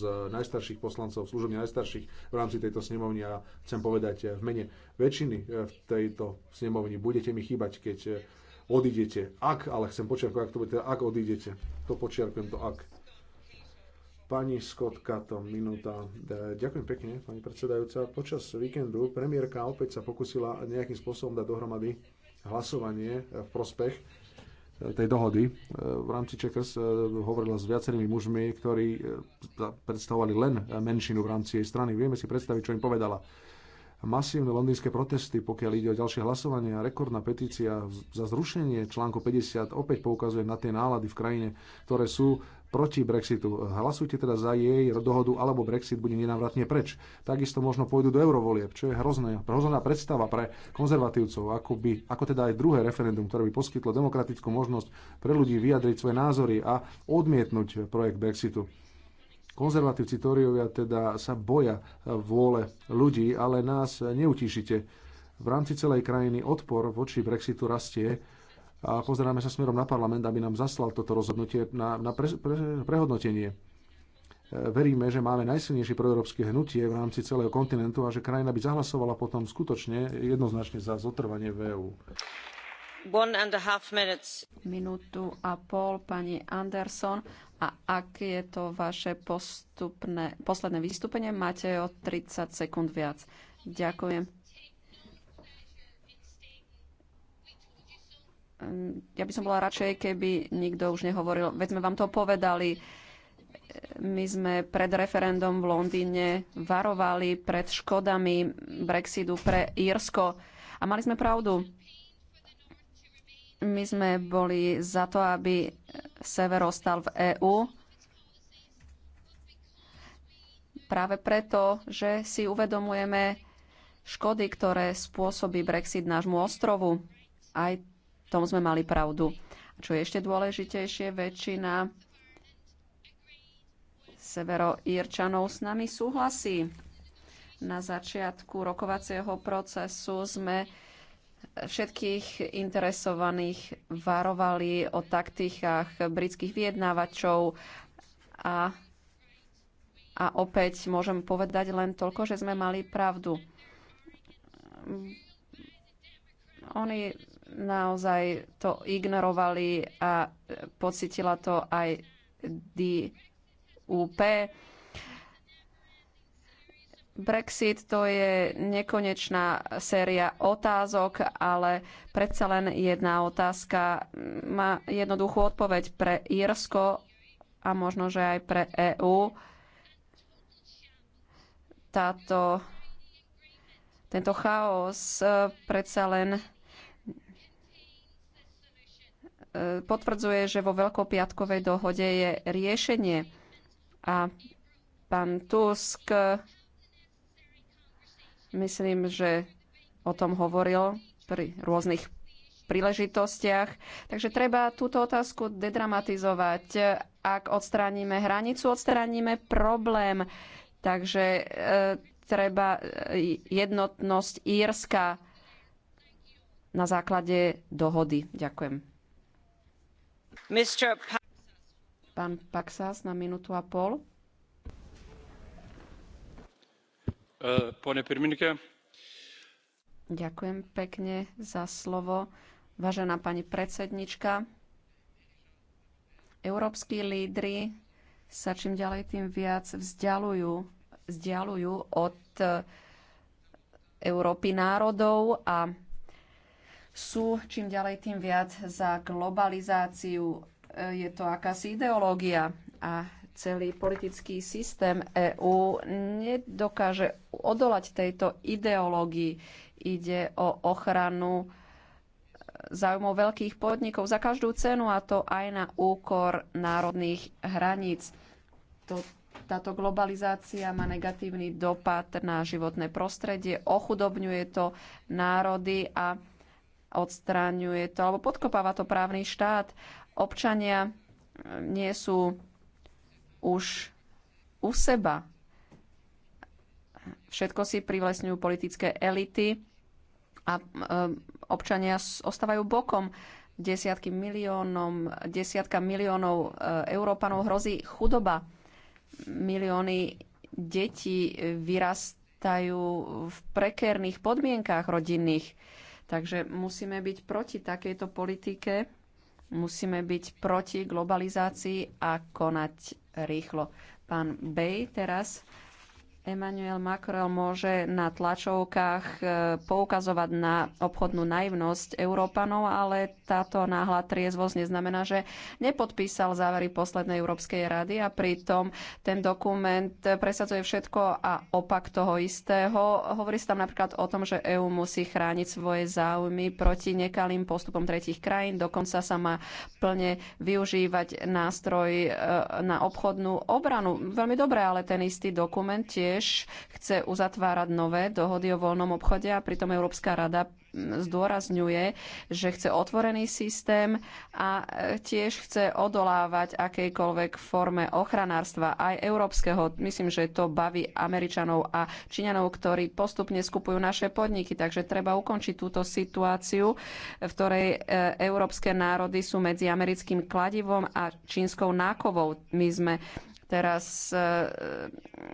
z najstarších poslancov, služobne najstarších v rámci tejto snemovni a chcem povedať eh, v mene väčšiny eh, v tejto snemovni. Budete mi chýbať, keď eh, odídete. Ak, ale chcem počiarkovať, ak to bude, ak odídete. To počiarkujem to ak. Pani Skotka, to minúta. Ďakujem pekne, pani predsedajúca. Počas víkendu premiérka opäť sa pokusila nejakým spôsobom dať dohromady hlasovanie v prospech tej dohody. E, v rámci Čekers e, hovorila s viacerými mužmi, ktorí e, predstavovali len menšinu v rámci jej strany. Vieme si predstaviť, čo im povedala masívne londýnske protesty, pokiaľ ide o ďalšie hlasovanie a rekordná petícia za zrušenie článku 50 opäť poukazuje na tie nálady v krajine, ktoré sú proti Brexitu. Hlasujte teda za jej dohodu, alebo Brexit bude nenávratne preč. Takisto možno pôjdu do eurovolieb, čo je hrozné, hrozná predstava pre konzervatívcov, ako, by, ako teda aj druhé referendum, ktoré by poskytlo demokratickú možnosť pre ľudí vyjadriť svoje názory a odmietnúť projekt Brexitu. Konzervatívci Toriovia teda sa boja vôle ľudí, ale nás neutíšite. V rámci celej krajiny odpor voči Brexitu rastie a pozeráme sa smerom na parlament, aby nám zaslal toto rozhodnutie na, na pre, pre, prehodnotenie. E, veríme, že máme najsilnejšie proeurópske hnutie v rámci celého kontinentu a že krajina by zahlasovala potom skutočne jednoznačne za zotrvanie v EÚ. Minútu a pol, pani Anderson. A ak je to vaše postupné, posledné vystúpenie, máte o 30 sekúnd viac. Ďakujem. Ja by som bola radšej, keby nikto už nehovoril. Veď sme vám to povedali. My sme pred referendum v Londýne varovali pred škodami Brexitu pre Írsko. A mali sme pravdu. My sme boli za to, aby ostal v EÚ. Práve preto, že si uvedomujeme škody, ktoré spôsobí Brexit nášmu ostrovu. Aj tom sme mali pravdu. A čo je ešte dôležitejšie, väčšina severoírčanov s nami súhlasí. Na začiatku rokovacieho procesu sme všetkých interesovaných varovali o taktikách britských vyjednávačov a, a opäť môžem povedať len toľko, že sme mali pravdu. Oni naozaj to ignorovali a pocitila to aj DUP Brexit to je nekonečná séria otázok, ale predsa len jedna otázka má jednoduchú odpoveď pre Írsko a možno, že aj pre EÚ. Táto, tento chaos e, predsa len e, potvrdzuje, že vo Veľkopiatkovej dohode je riešenie. A pán Tusk Myslím, že o tom hovoril pri rôznych príležitostiach. Takže treba túto otázku dedramatizovať. Ak odstránime hranicu, odstránime problém. Takže e, treba e, jednotnosť Írska na základe dohody. Ďakujem. Pán Paxas na minútu a pol. Eh, pirmininke. Ďakujem pekne za slovo. Vážená pani predsednička, Európski lídri sa čím ďalej tým viac vzdialujú, vzdialujú od eh, Európy národov a sú čím ďalej tým viac za globalizáciu. Eh, je to akási ideológia a celý politický systém EÚ nedokáže odolať tejto ideológii. Ide o ochranu eh, záujmov veľkých podnikov za každú cenu a to aj na úkor národných hraníc. To, táto globalizácia má negatívny dopad na životné prostredie, ochudobňuje to národy a odstráňuje to alebo podkopáva to právny štát. Občania eh, nie sú už u seba. Všetko si privlesňujú politické elity a um, občania ostávajú bokom. Desiatky miliónom, desiatka miliónov uh, Európanov hrozí chudoba. Milióny detí vyrastajú v prekérnych podmienkách rodinných. Takže musíme byť proti takejto politike Musíme byť proti globalizácii a konať rýchlo. Pán Bej teraz Emmanuel Macron môže na tlačovkách e, poukazovať na obchodnú naivnosť Európanov, ale táto náhla triezvosť neznamená, že nepodpísal závery poslednej Európskej rady a pritom ten dokument presadzuje všetko a opak toho istého. Hovorí sa tam napríklad o tom, že EÚ musí chrániť svoje záujmy proti nekalým postupom tretich krajín, dokonca sa má plne využívať nástroj e, na obchodnú obranu. Veľmi dobré, ale ten istý dokument tiež tiež chce uzatvárať nové dohody o voľnom obchode a pritom Európska rada zdôrazňuje, že chce otvorený systém a tiež chce odolávať akejkoľvek forme ochranárstva aj európskeho. Myslím, že to baví Američanov a Číňanov, ktorí postupne skupujú naše podniky. Takže treba ukončiť túto situáciu, v ktorej e, európske národy sú medzi americkým kladivom a čínskou nákovou. My sme teraz eh,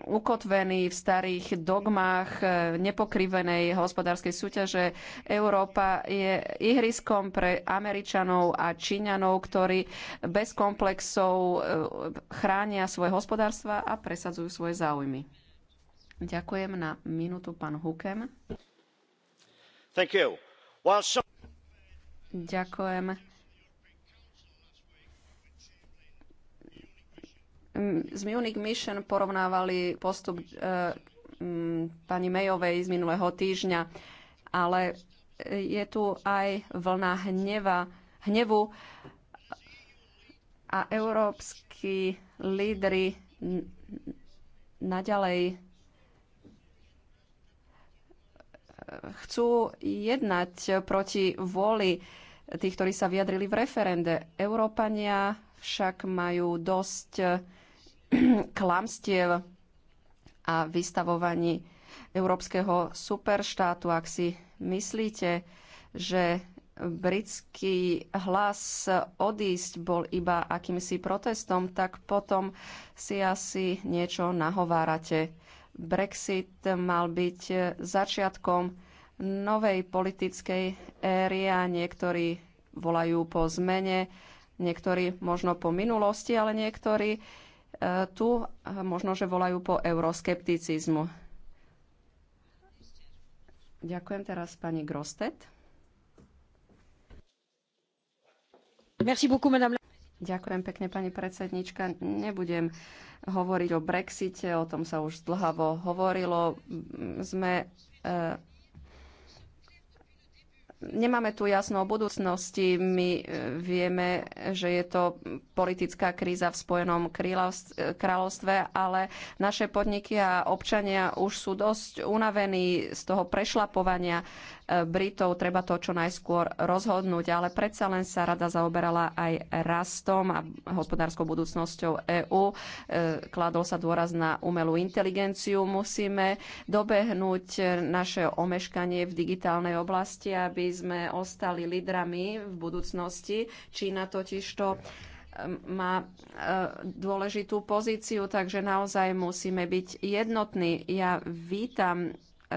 ukotvený v starých dogmách eh, nepokrivenej hospodárskej súťaže. Európa je ihriskom pre Američanov a Číňanov, ktorí bez komplexov eh, chránia svoje hospodárstva a presadzujú svoje záujmy. Ďakujem na minútu pán Hukem. Thank you. While some... Ďakujem Mm, z Munich Mission porovnávali postup e, mm, pani Mayovej z minulého týždňa, ale je tu aj vlna hneva, hnevu a európsky lídry naďalej e, chcú jednať proti vôli tých, ktorí sa vyjadrili v referende. Európania však majú dosť e, klamstiev a vystavovaní európskeho superštátu. Ak si myslíte, že britský hlas odísť bol iba akýmsi protestom, tak potom si asi niečo nahovárate. Brexit mal byť začiatkom novej politickej éry a niektorí volajú po zmene, niektorí možno po minulosti, ale niektorí tu možno, že volajú po euroskepticizmu. Ďakujem teraz pani Grostet. Merci beaucoup, madame. Ďakujem pekne, pani predsednička. Nebudem hovoriť o Brexite, o tom sa už dlhavo hovorilo. Sme e, nemáme tu jasno o budúcnosti. My e, vieme, že je to politická kríza v Spojenom e, kráľovstve, ale naše podniky a občania už sú dosť unavení z toho prešlapovania Britov treba to čo najskôr rozhodnúť, ale predsa len sa rada zaoberala aj rastom a hospodárskou budúcnosťou EÚ. E, kladol sa dôraz na umelú inteligenciu. Musíme dobehnúť naše omeškanie v digitálnej oblasti, aby sme ostali lídrami v budúcnosti. Čína totiž to má e, dôležitú pozíciu, takže naozaj musíme byť jednotní. Ja vítam E,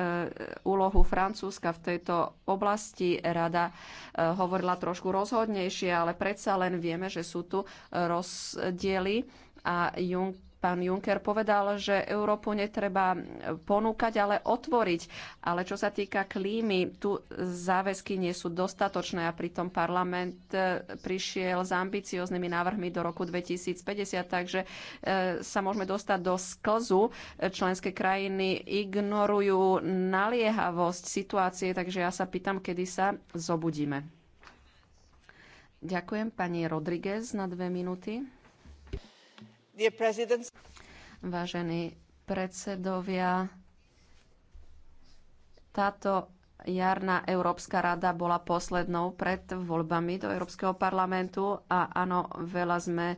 úlohu Francúzska v tejto oblasti. Rada e, hovorila trošku rozhodnejšie, ale predsa len vieme, že sú tu rozdiely a Jung Pán Juncker povedal, že Európu netreba ponúkať, ale otvoriť. Ale čo sa týka klímy, tu záväzky nie sú dostatočné a pritom parlament e, prišiel s ambicioznými návrhmi do roku 2050, takže e, sa môžeme dostať do sklzu. Členské krajiny ignorujú naliehavosť situácie, takže ja sa pýtam, kedy sa zobudíme. Ďakujem pani Rodriguez na dve minúty. Vážení predsedovia, táto jarná Európska rada bola poslednou pred voľbami do Európskeho parlamentu a áno, veľa sme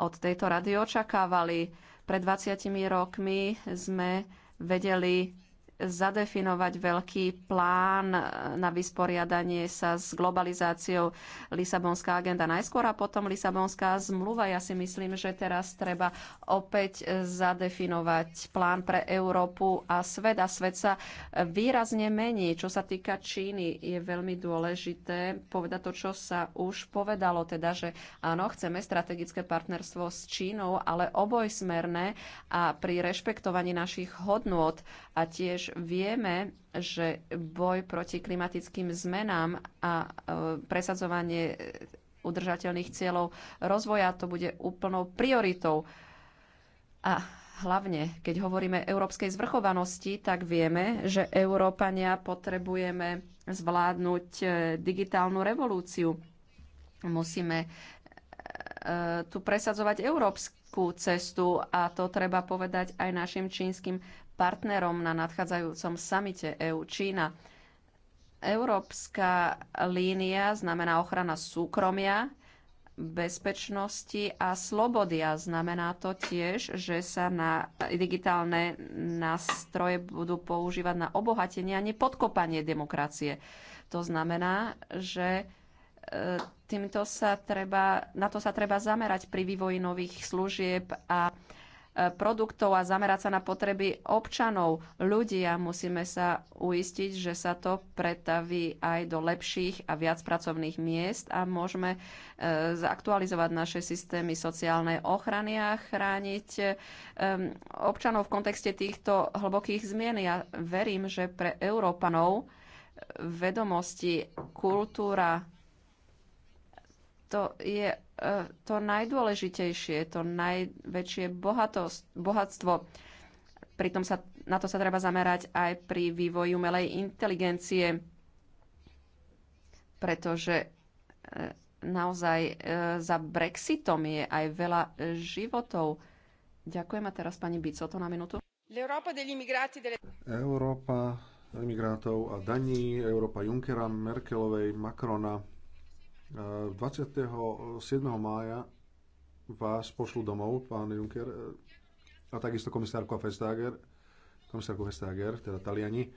od tejto rady očakávali. Pred 20 rokmi sme vedeli zadefinovať veľký plán na vysporiadanie sa s globalizáciou Lisabonská agenda najskôr a potom Lisabonská zmluva. Ja si myslím, že teraz treba opäť zadefinovať plán pre Európu a svet. A svet sa výrazne mení. Čo sa týka Číny, je veľmi dôležité povedať to, čo sa už povedalo, teda, že áno, chceme strategické partnerstvo s Čínou, ale obojsmerné a pri rešpektovaní našich hodnôt a tiež vieme, že boj proti klimatickým zmenám a e, presadzovanie udržateľných cieľov rozvoja to bude úplnou prioritou. A hlavne, keď hovoríme európskej zvrchovanosti, tak vieme, že Európania potrebujeme zvládnuť e, digitálnu revolúciu. Musíme e, tu presadzovať európsku cestu a to treba povedať aj našim čínskym partnerom na nadchádzajúcom samite EU-Čína. Európska línia znamená ochrana súkromia, bezpečnosti a slobody. A znamená to tiež, že sa na digitálne nástroje budú používať na obohatenie a nepodkopanie demokracie. To znamená, že e, týmto sa treba, na to sa treba zamerať pri vývoji nových služieb a E, produktov a zamerať sa na potreby občanov, ľudí a musíme sa uistiť, že sa to pretaví aj do lepších a viac pracovných miest a môžeme e, zaktualizovať naše systémy sociálnej ochrany a chrániť e, občanov v kontexte týchto hlbokých zmien. Ja verím, že pre Európanov vedomosti, kultúra, to je e, to najdôležitejšie, to najväčšie bohatosť, bohatstvo. Pritom sa, na to sa treba zamerať aj pri vývoji umelej inteligencie, pretože e, naozaj e, za Brexitom je aj veľa životov. Ďakujem a teraz pani Bicoto na minútu. Európa imigrátov a daní, Európa Junckera, Merkelovej, Macrona, 27. Eh, mája vás pošlu domov, pán Juncker, eh, a takisto komisárku Vestager, komisárku Vestager, teda Taliani.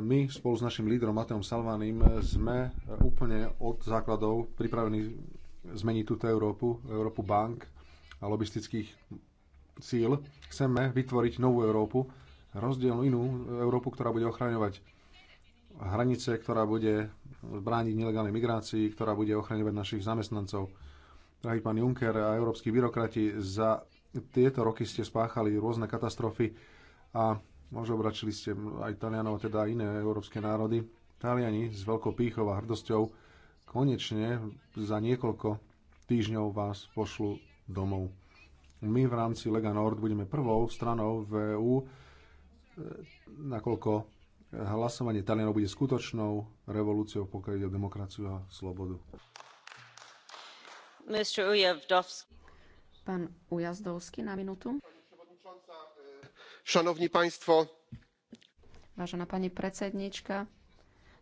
My spolu s našim lídrom Mateom Salvanim sme úplne od základov pripravení zmeniť túto Európu, Európu bank a lobistických cíl. Chceme vytvoriť novú Európu, rozdielnú inú Európu, ktorá bude ochraňovať hranice, ktorá bude brániť nelegálnej migrácii, ktorá bude ochraňovať našich zamestnancov. Drahý pán Juncker a európsky byrokrati, za tieto roky ste spáchali rôzne katastrofy a možno obračili ste aj Talianov, teda iné európske národy. Taliani s veľkou pýchou a hrdosťou konečne za niekoľko týždňov vás pošlu domov. My v rámci Lega Nord budeme prvou stranou v EÚ, nakoľko hlasovanie Talianov bude skutočnou revolúciou, pokiaľ ide o demokraciu a slobodu. Pán Ujazdovský na minútu. Šanovní państwo. Vážená pani predsednička,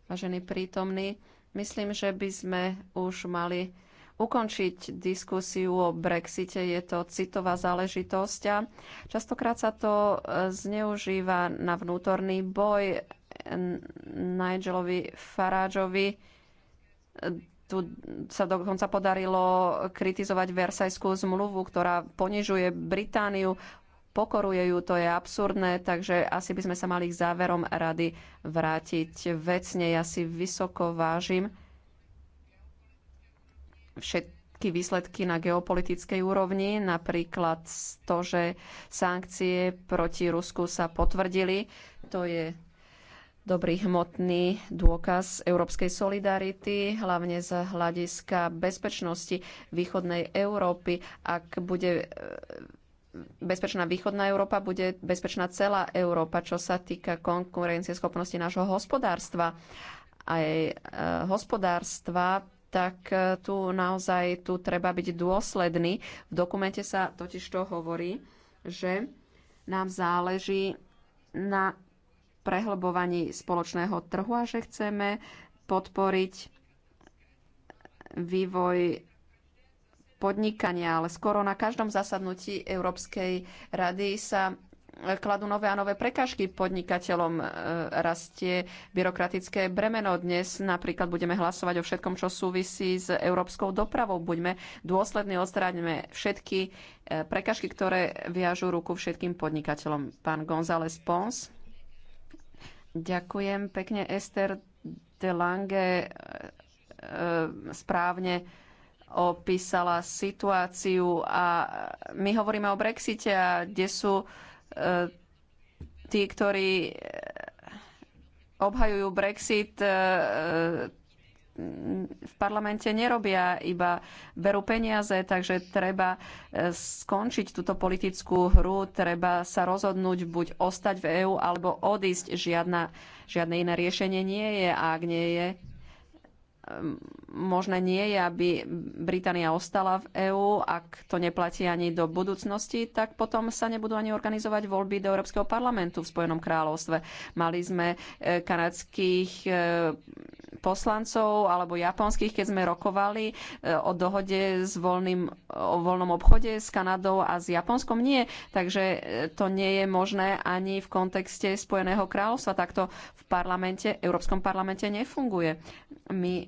vážení prítomní, myslím, že by sme už mali ukončiť diskusiu o Brexite. Je to citová záležitosť a častokrát sa to e, zneužíva na vnútorný boj. Nigelovi Farageovi e, tu sa dokonca podarilo kritizovať Versajskú zmluvu, ktorá ponižuje Britániu, pokoruje ju, to je absurdné, takže asi by sme sa mali k záverom rady vrátiť vecne. Ja si vysoko vážim všetky výsledky na geopolitickej úrovni, napríklad to, že sankcie proti Rusku sa potvrdili. To je dobrý hmotný dôkaz európskej solidarity, hlavne z hľadiska bezpečnosti východnej Európy. Ak bude e, bezpečná východná Európa, bude bezpečná celá Európa, čo sa týka konkurencieschopnosti nášho hospodárstva. Aj e, hospodárstva tak e, tu naozaj tu treba byť dôsledný. V dokumente sa totiž to hovorí, že nám záleží na prehlbovaní spoločného trhu a že chceme podporiť vývoj podnikania, ale skoro na každom zasadnutí Európskej rady sa kladú nové a nové prekažky podnikateľom, e, rastie byrokratické bremeno. Dnes napríklad budeme hlasovať o všetkom, čo súvisí s európskou dopravou. Buďme dôslední, odstráňme všetky e, prekažky, ktoré viažú ruku všetkým podnikateľom. Pán González Pons. Ďakujem pekne, Ester de Lange e, správne opísala situáciu a my hovoríme o Brexite a kde sú E, tí, ktorí e, obhajujú Brexit, e, v parlamente nerobia, iba berú peniaze, takže treba skončiť túto politickú hru, treba sa rozhodnúť buď ostať v EÚ alebo odísť. Žiadna, žiadne iné riešenie nie je a ak nie je, Ehm, možné nie je, aby Británia ostala v EÚ, ak to neplatí ani do budúcnosti, tak potom sa nebudú ani organizovať voľby do Európskeho parlamentu v Spojenom kráľovstve. Mali sme eh, kanadských eh, poslancov alebo japonských, keď sme rokovali e, o dohode s voľným, o voľnom obchode s Kanadou a s Japonskom. Nie, takže e, to nie je možné ani v kontexte Spojeného kráľovstva. Takto v parlamente, Európskom parlamente nefunguje. My e,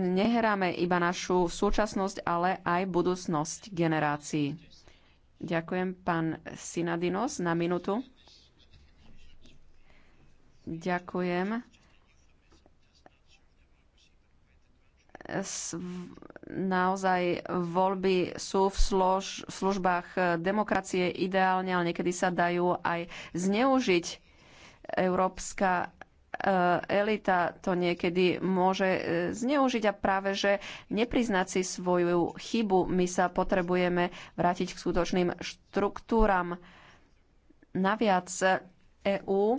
nehráme iba našu súčasnosť, ale aj budúcnosť generácií. Ďakujem, pán Sinadinos, na minútu. Ďakujem. naozaj voľby sú v, slož, službách eh, demokracie ideálne, ale niekedy sa dajú aj zneužiť. Európska eh, elita to niekedy môže eh, zneužiť a práve, že nepriznať si svoju chybu, my sa potrebujeme vrátiť k skutočným štruktúram. Naviac EÚ e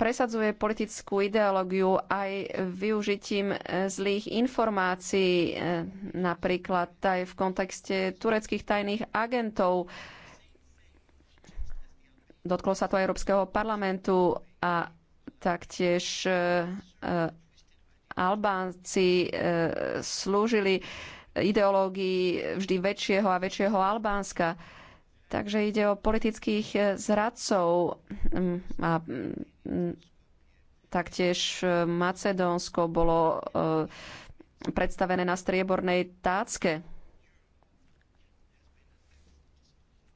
presadzuje politickú ideológiu aj využitím e, zlých informácií, e, napríklad aj v kontexte tureckých tajných agentov. Dotklo sa to Európskeho parlamentu a taktiež e, Albánci slúžili ideológii vždy väčšieho a väčšieho Albánska. Takže ide o politických zradcov mm, a mm, Taktiež e, Macedónsko bolo e, predstavené na striebornej tácke.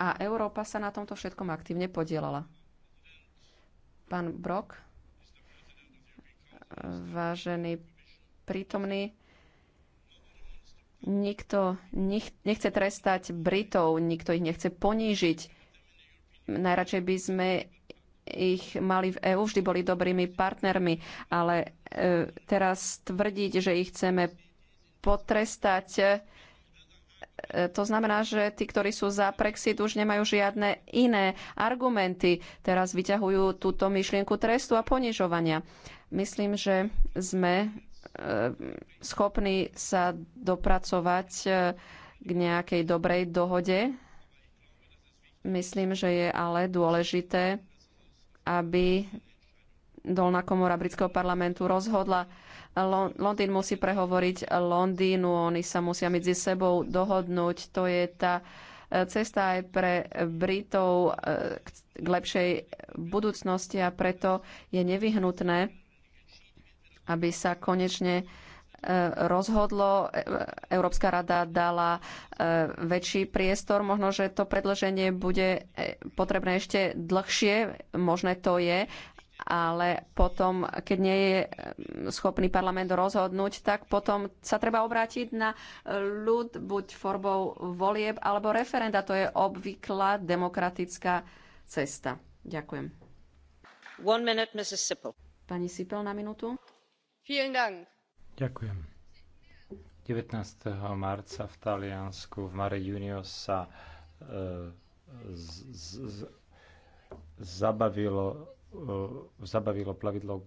A Európa sa na tomto všetkom aktívne podielala. Pán Brok, e, vážený prítomný, nikto nechce trestať Britov, nikto ich nechce ponížiť. Najradšej by sme ich mali v EÚ, vždy boli dobrými partnermi, ale e, teraz tvrdiť, že ich chceme potrestať, e, to znamená, že tí, ktorí sú za Brexit, už nemajú žiadne iné argumenty. Teraz vyťahujú túto myšlienku trestu a ponižovania. Myslím, že sme e, schopní sa dopracovať k nejakej dobrej dohode. Myslím, že je ale dôležité aby dolná komora britského parlamentu rozhodla. Londýn musí prehovoriť Londýnu, oni sa musia medzi sebou dohodnúť. To je tá e, cesta aj pre Britov e, k lepšej budúcnosti a preto je nevyhnutné, aby sa konečne Eh, rozhodlo. E, Európska rada dala eh, väčší priestor. Možno, že to predloženie bude eh, potrebné ešte dlhšie. Možné to je, ale potom, keď nie je schopný parlament rozhodnúť, tak potom sa treba obrátiť na ľud buď formou volieb alebo referenda. To je obvyklá demokratická cesta. Ďakujem. Minute, Pani Sipel na minútu. Vielen Dank Ďakujem. 19. marca v Taliansku v Mare Junior sa e, zabavilo, e, zabavilo plavidlo,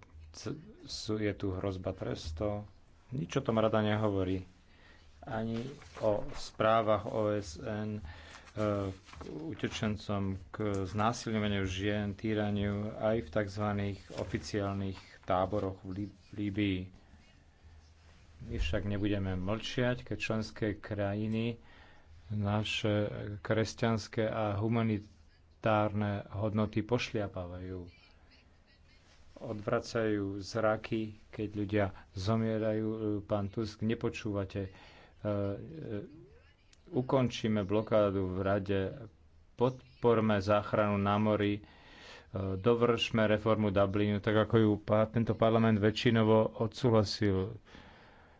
je tu hrozba tresto. Nič o tom rada nehovorí. Ani o správach OSN, k e, utečencom, k znásilňovaniu žien, týraniu aj v tzv. oficiálnych táboroch v Líbii. My však nebudeme mlčiať, keď členské krajiny naše kresťanské a humanitárne hodnoty pošliapávajú. Odvracajú zraky, keď ľudia zomierajú. Pán Tusk, nepočúvate. E, e, ukončíme blokádu v rade, podporme záchranu na mori, e, dovršme reformu Dublinu, tak ako ju tento parlament väčšinovo odsúhlasil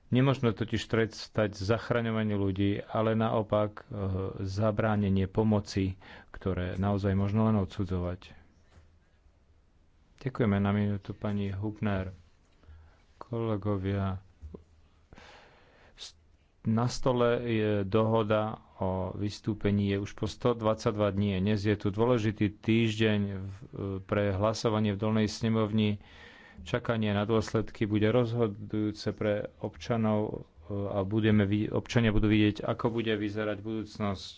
Nemožno totiž trestať zachraňovanie ľudí, ale naopak eh, zabránenie pomoci, ktoré naozaj možno len odsudzovať. Ďakujeme na minútu pani Hubner. Kolegovia, na stole je dohoda o vystúpení je už po 122 dní. Dnes je tu dôležitý týždeň eh, pre hlasovanie v Dolnej snemovni Čakanie na dôsledky bude rozhodujúce pre občanov e, a budeme, občania budú vidieť, ako bude vyzerať budúcnosť.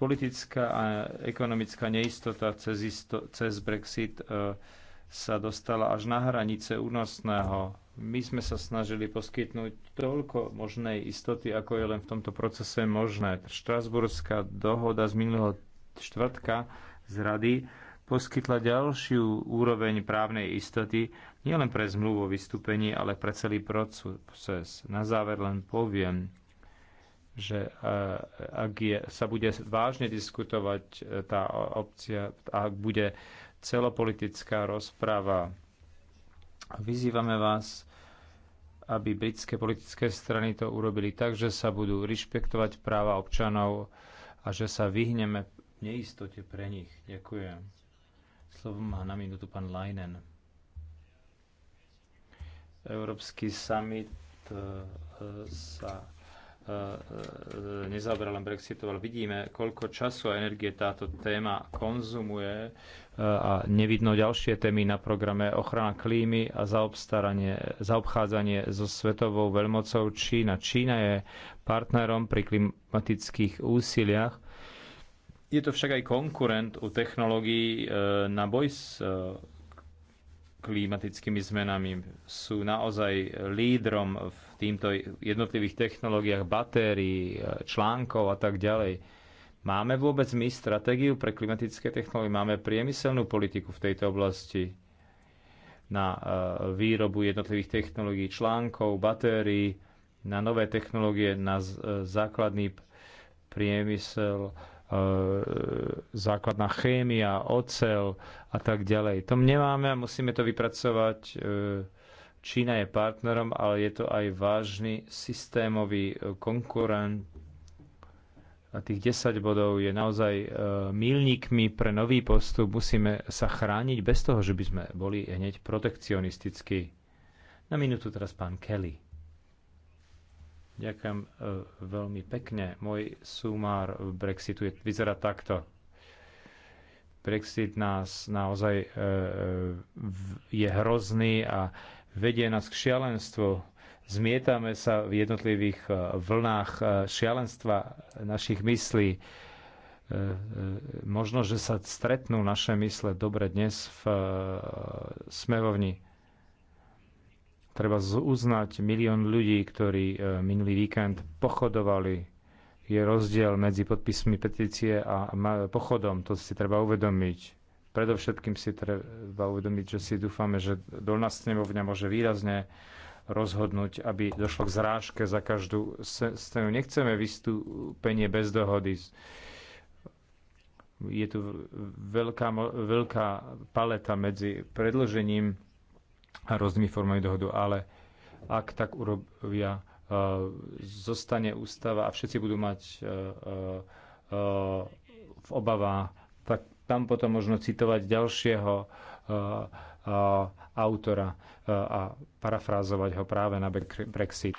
Politická a ekonomická neistota cez, isto, cez Brexit e, sa dostala až na hranice únosného. My sme sa snažili poskytnúť toľko možnej istoty, ako je len v tomto procese možné. Štrasburská dohoda z minulého štvrtka z rady poskytla ďalšiu úroveň právnej istoty nielen pre zmluvu o vystúpení, ale pre celý proces. Na záver len poviem, že e, ak je, sa bude vážne diskutovať e, tá opcia, ak bude celopolitická rozpráva, vyzývame vás, aby britské politické strany to urobili tak, že sa budú rešpektovať práva občanov a že sa vyhneme neistote pre nich. Ďakujem. Slovo má na minútu pán Leinen. Európsky summit e, sa e, e, nezaoberá len Brexitu, ale vidíme, koľko času a energie táto téma konzumuje a nevidno ďalšie témy na programe ochrana klímy a zaobstaranie, zaobchádzanie so svetovou veľmocou Čína. Čína je partnerom pri klimatických úsiliach je to však aj konkurent u technológií e, na boj s e, klimatickými zmenami. Sú naozaj lídrom v týmto jednotlivých technológiách batérií, e, článkov a tak ďalej. Máme vôbec my stratégiu pre klimatické technológie? Máme priemyselnú politiku v tejto oblasti? na výrobu jednotlivých technológií, článkov, batérií, na nové technológie, na základný priemysel, E, základná chémia, ocel a tak ďalej. To nemáme a musíme to vypracovať. E, Čína je partnerom, ale je to aj vážny systémový konkurent. A tých 10 bodov je naozaj e, milníkmi pre nový postup. Musíme sa chrániť bez toho, že by sme boli hneď protekcionistickí. Na minútu teraz pán Kelly. Ďakujem e, veľmi pekne. Môj sumár v Brexitu je, vyzerá takto. Brexit nás naozaj e, e, je hrozný a vedie nás k šialenstvu. Zmietame sa v jednotlivých vlnách šialenstva našich myslí. Možno, že sa stretnú naše mysle dobre dnes v smerovni Treba uznať milión ľudí, ktorí e, minulý víkend pochodovali. Je rozdiel medzi podpismi petície a pochodom, to si treba uvedomiť. Predovšetkým si treba uvedomiť, že si dúfame, že dolná snemovňa môže výrazne rozhodnúť, aby došlo k zrážke za každú stranu. Nechceme vystúpenie bez dohody. Je tu veľká, veľká paleta medzi predložením a rôznymi formami dohodu, ale ak tak urobia, e, zostane ústava a všetci budú mať e, e, v obava, tak tam potom možno citovať ďalšieho autora a parafrázovať ho práve na Brexit.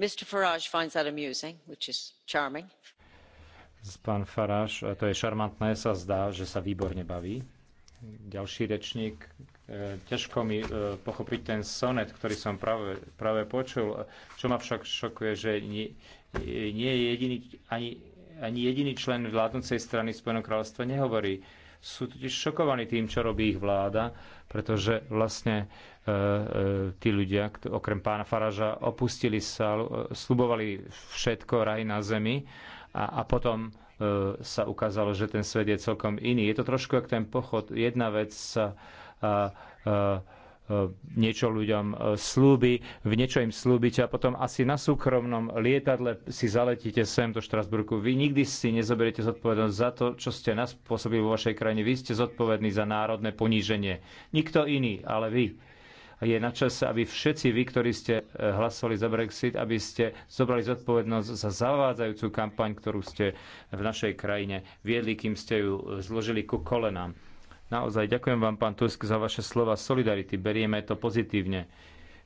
Mr. Farage finds that amusing, which is charming. Pán Farage, to je šarmantné, sa zdá, že sa výborne baví. Ďalší rečník. E, ťažko mi e, pochopiť ten sonet, ktorý som práve, práve počul. Čo ma však šokuje, že nie, nie jediný, ani, ani jediný člen vládnúcej strany Spojeného kráľovstva nehovorí. Sú totiž šokovaní tým, čo robí ich vláda, pretože vlastne e, e, tí ľudia, okrem pána Faraža, opustili sa, e, slubovali všetko, raj na zemi a, a potom E, sa ukázalo, že ten svet je celkom iný. Je to trošku ako ten pochod. Jedna vec sa a, a, e, niečo ľuďom e, slúbi, v niečo im slúbite a potom asi na súkromnom lietadle si zaletíte sem do Štrasburku. Vy nikdy si nezoberiete zodpovednosť za to, čo ste nás spôsobili vo vašej krajine. Vy ste zodpovední za národné poníženie. Nikto iný, ale vy je na čase, aby všetci vy, ktorí ste eh, hlasovali za Brexit, aby ste zobrali zodpovednosť za zavádzajúcu kampaň, ktorú ste v našej krajine viedli, kým ste ju eh, zložili ku kolenám. Naozaj ďakujem vám, pán Tusk, za vaše slova solidarity. Berieme to pozitívne.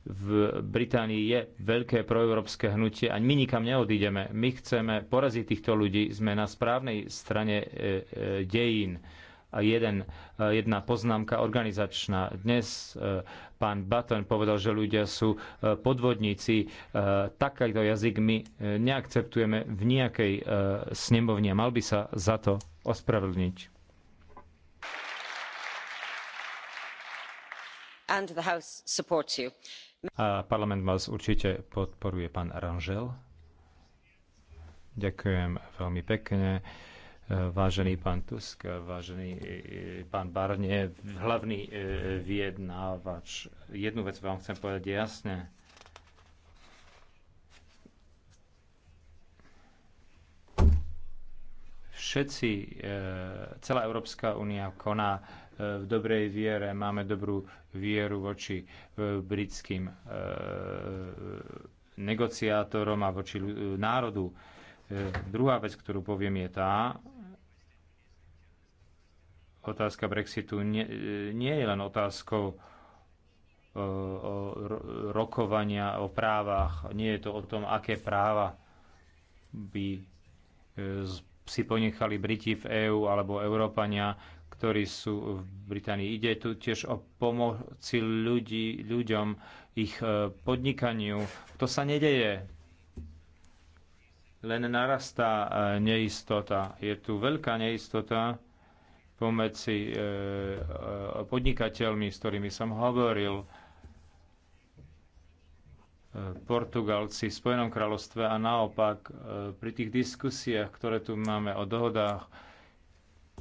V Británii je veľké proeurópske hnutie a my nikam neodídeme. My chceme poraziť týchto ľudí. Sme na správnej strane eh, dejín. A jeden, jedna poznámka organizačná. Dnes pán Button povedal, že ľudia sú e, podvodníci. E, takýto jazyk my e, neakceptujeme v nejakej snemovni a mal by sa za to ospravedlniť. A parlament vás určite podporuje, pán Rangel. Ďakujem veľmi pekne vážený pán Tusk, vážený e, e, pán Barne, hlavný e, vyjednávač. Jednu vec vám chcem povedať jasne. Všetci, celá Európska únia koná v dobrej viere, máme dobrú vieru voči britským negociátorom a voči národu E, druhá vec, ktorú poviem, je tá, otázka Brexitu nie, e, nie je len otázkou e, o rokovania o právach. Nie je to o tom, aké práva by si ponechali Briti v EÚ alebo Európania, ktorí sú v Británii. Ide tu tiež o pomoci ľudí, ľuďom, ich podnikaniu. To sa nedeje len narastá e, neistota. Je tu veľká neistota pomedzi e, e, podnikateľmi, s ktorými som hovoril, Portugalci v Spojenom kráľovstve a naopak pri tých diskusiách, ktoré tu máme o dohodách,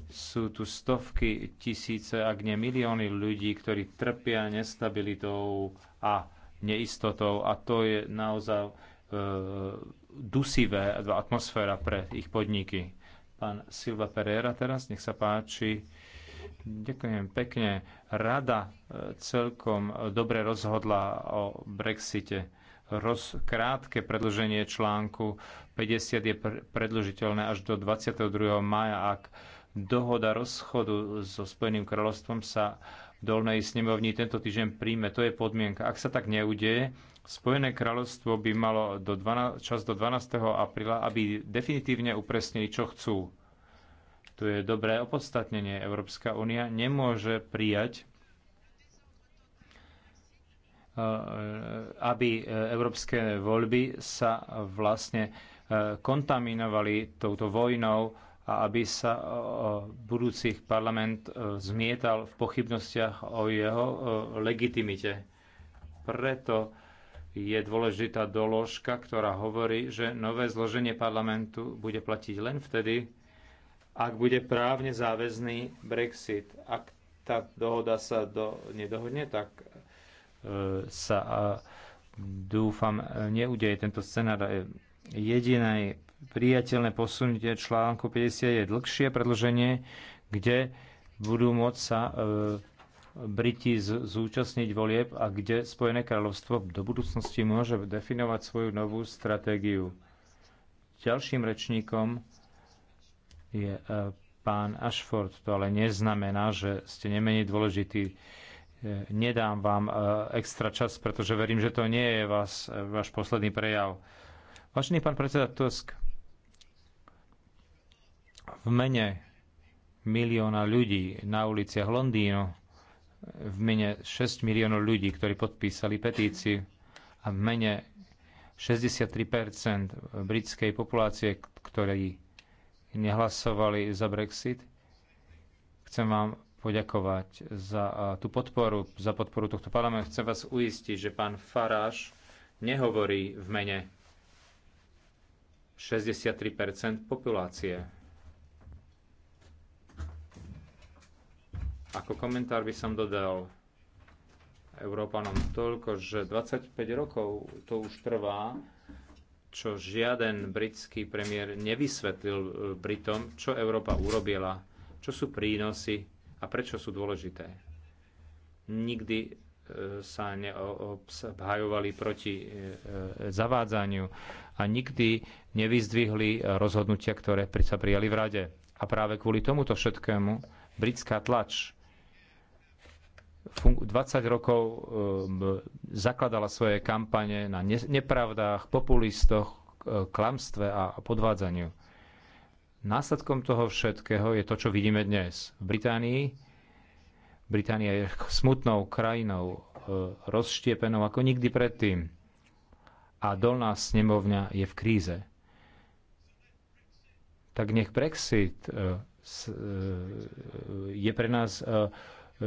sú tu stovky tisíce, ak nie milióny ľudí, ktorí trpia nestabilitou a neistotou a to je naozaj dusivé atmosféra pre ich podniky. Pán Silva Pereira teraz, nech sa páči. Ďakujem pekne. Rada e, celkom dobre rozhodla o Brexite. Roz, krátke predlženie článku 50 je predlžiteľné až do 22. maja, ak dohoda rozchodu so Spojeným kráľovstvom sa v dolnej snemovni tento týždeň príjme. To je podmienka. Ak sa tak neudeje, Spojené kráľovstvo by malo do 12, čas do 12. apríla, aby definitívne upresnili, čo chcú. Tu je dobré opodstatnenie. Európska únia nemôže prijať, eh, aby eh, európske voľby sa vlastne eh, kontaminovali touto vojnou a aby sa budúcich parlament zmietal v pochybnostiach o jeho legitimite. Preto je dôležitá doložka, ktorá hovorí, že nové zloženie parlamentu bude platiť len vtedy, ak bude právne záväzný Brexit. Ak tá dohoda sa do, nedohodne, tak e, sa a, dúfam neudeje tento scenár. E, jediné priateľné posunutie článku 50 je dlhšie predloženie, kde budú môcť sa e, Briti zúčastniť volieb a kde Spojené kráľovstvo do budúcnosti môže definovať svoju novú stratégiu. Ďalším rečníkom je e, pán Ashford. To ale neznamená, že ste nemenej dôležitý. E, nedám vám e, extra čas, pretože verím, že to nie je vás, váš posledný prejav. Vážený pán predseda Tusk, v mene milióna ľudí na uliciach Londýnu v mene 6 miliónov ľudí, ktorí podpísali petíciu a v mene 63 britskej populácie, ktorí nehlasovali za Brexit. Chcem vám poďakovať za tú podporu, za podporu tohto parlamentu. Chcem vás uistiť, že pán Faráš nehovorí v mene 63 populácie. Ako komentár by som dodal Európanom toľko, že 25 rokov to už trvá, čo žiaden britský premiér nevysvetlil e, Britom, čo Európa urobila, čo sú prínosy a prečo sú dôležité. Nikdy e, sa neobhajovali proti e, zavádzaniu a nikdy nevyzdvihli rozhodnutia, ktoré sa prijali v rade. A práve kvôli tomuto všetkému britská tlač 20 rokov um, zakladala svoje kampane na nepravdách, populistoch, klamstve a podvádzaniu. Následkom toho všetkého je to, čo vidíme dnes. V Británii Británia je smutnou krajinou, uh, rozštiepenou ako nikdy predtým. A dolná snemovňa je v kríze. Tak nech Brexit uh, uh, je pre nás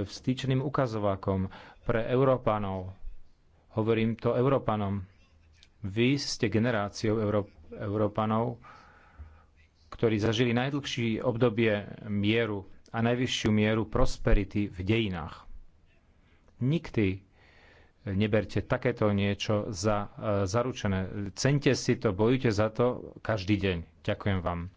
vstýčeným ukazovákom pre Európanov. Hovorím to Európanom. Vy ste generáciou Európanov, ktorí zažili najdlhšie obdobie mieru a najvyššiu mieru prosperity v dejinách. Nikdy neberte takéto niečo za e, zaručené. Cente si to, bojujte za to každý deň. Ďakujem vám.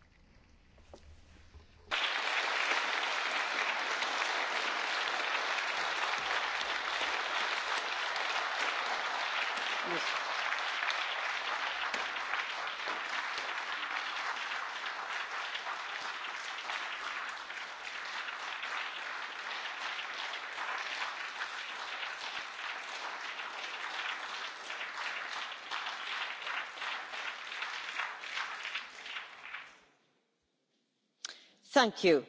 You,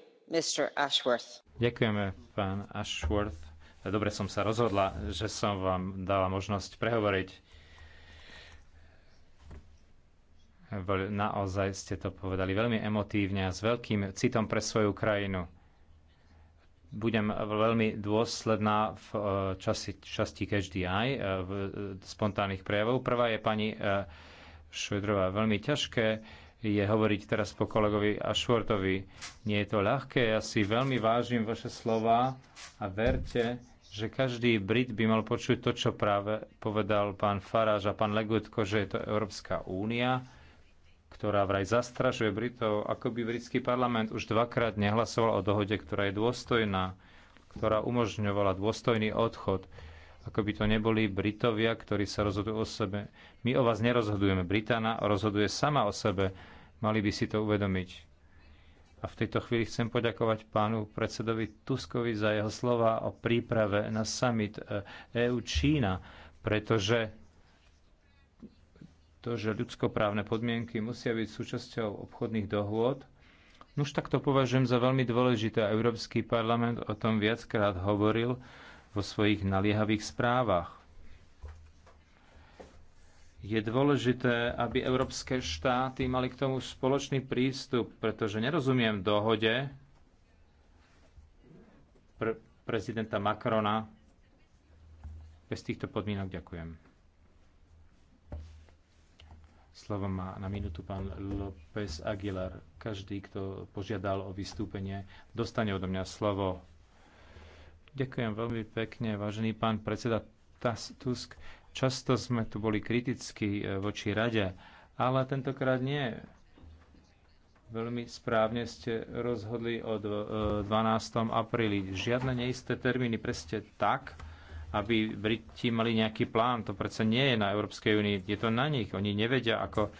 Ďakujeme, pán Ashworth. Dobre som sa rozhodla, že som vám dala možnosť prehovoriť. Naozaj ste to povedali veľmi emotívne a s veľkým citom pre svoju krajinu. Budem veľmi dôsledná v e, časi časti každý aj e, v e, spontánnych prejavov. Prvá je pani Švedrová. Veľmi ťažké je hovoriť teraz po kolegovi Ašvortovi. Nie je to ľahké, ja si veľmi vážim vaše slova a verte, že každý Brit by mal počuť to, čo práve povedal pán Faráž a pán Legutko, že je to Európska únia, ktorá vraj zastražuje Britov, ako by britský parlament už dvakrát nehlasoval o dohode, ktorá je dôstojná, ktorá umožňovala dôstojný odchod ako by to neboli Britovia, ktorí sa rozhodujú o sebe. My o vás nerozhodujeme. Britána rozhoduje sama o sebe. Mali by si to uvedomiť. A v tejto chvíli chcem poďakovať pánu predsedovi Tuskovi za jeho slova o príprave na summit EU-Čína, eh, e pretože to, že ľudskoprávne podmienky musia byť súčasťou obchodných dohôd, no už tak to považujem za veľmi dôležité. Európsky parlament o tom viackrát hovoril, vo svojich naliehavých správach. Je dôležité, aby európske štáty mali k tomu spoločný prístup, pretože nerozumiem dohode pre prezidenta Macrona. Bez týchto podmienok ďakujem. Slovo má na minútu pán López Aguilar. Každý, kto požiadal o vystúpenie, dostane odo mňa slovo Ďakujem veľmi pekne, vážený pán predseda Tusk. Často sme tu boli kriticky e, voči rade, ale tentokrát nie. Veľmi správne ste rozhodli o 12. E, apríli. Žiadne neisté termíny, preste tak, aby Briti mali nejaký plán. To predsa nie je na Európskej únii, je to na nich. Oni nevedia, ako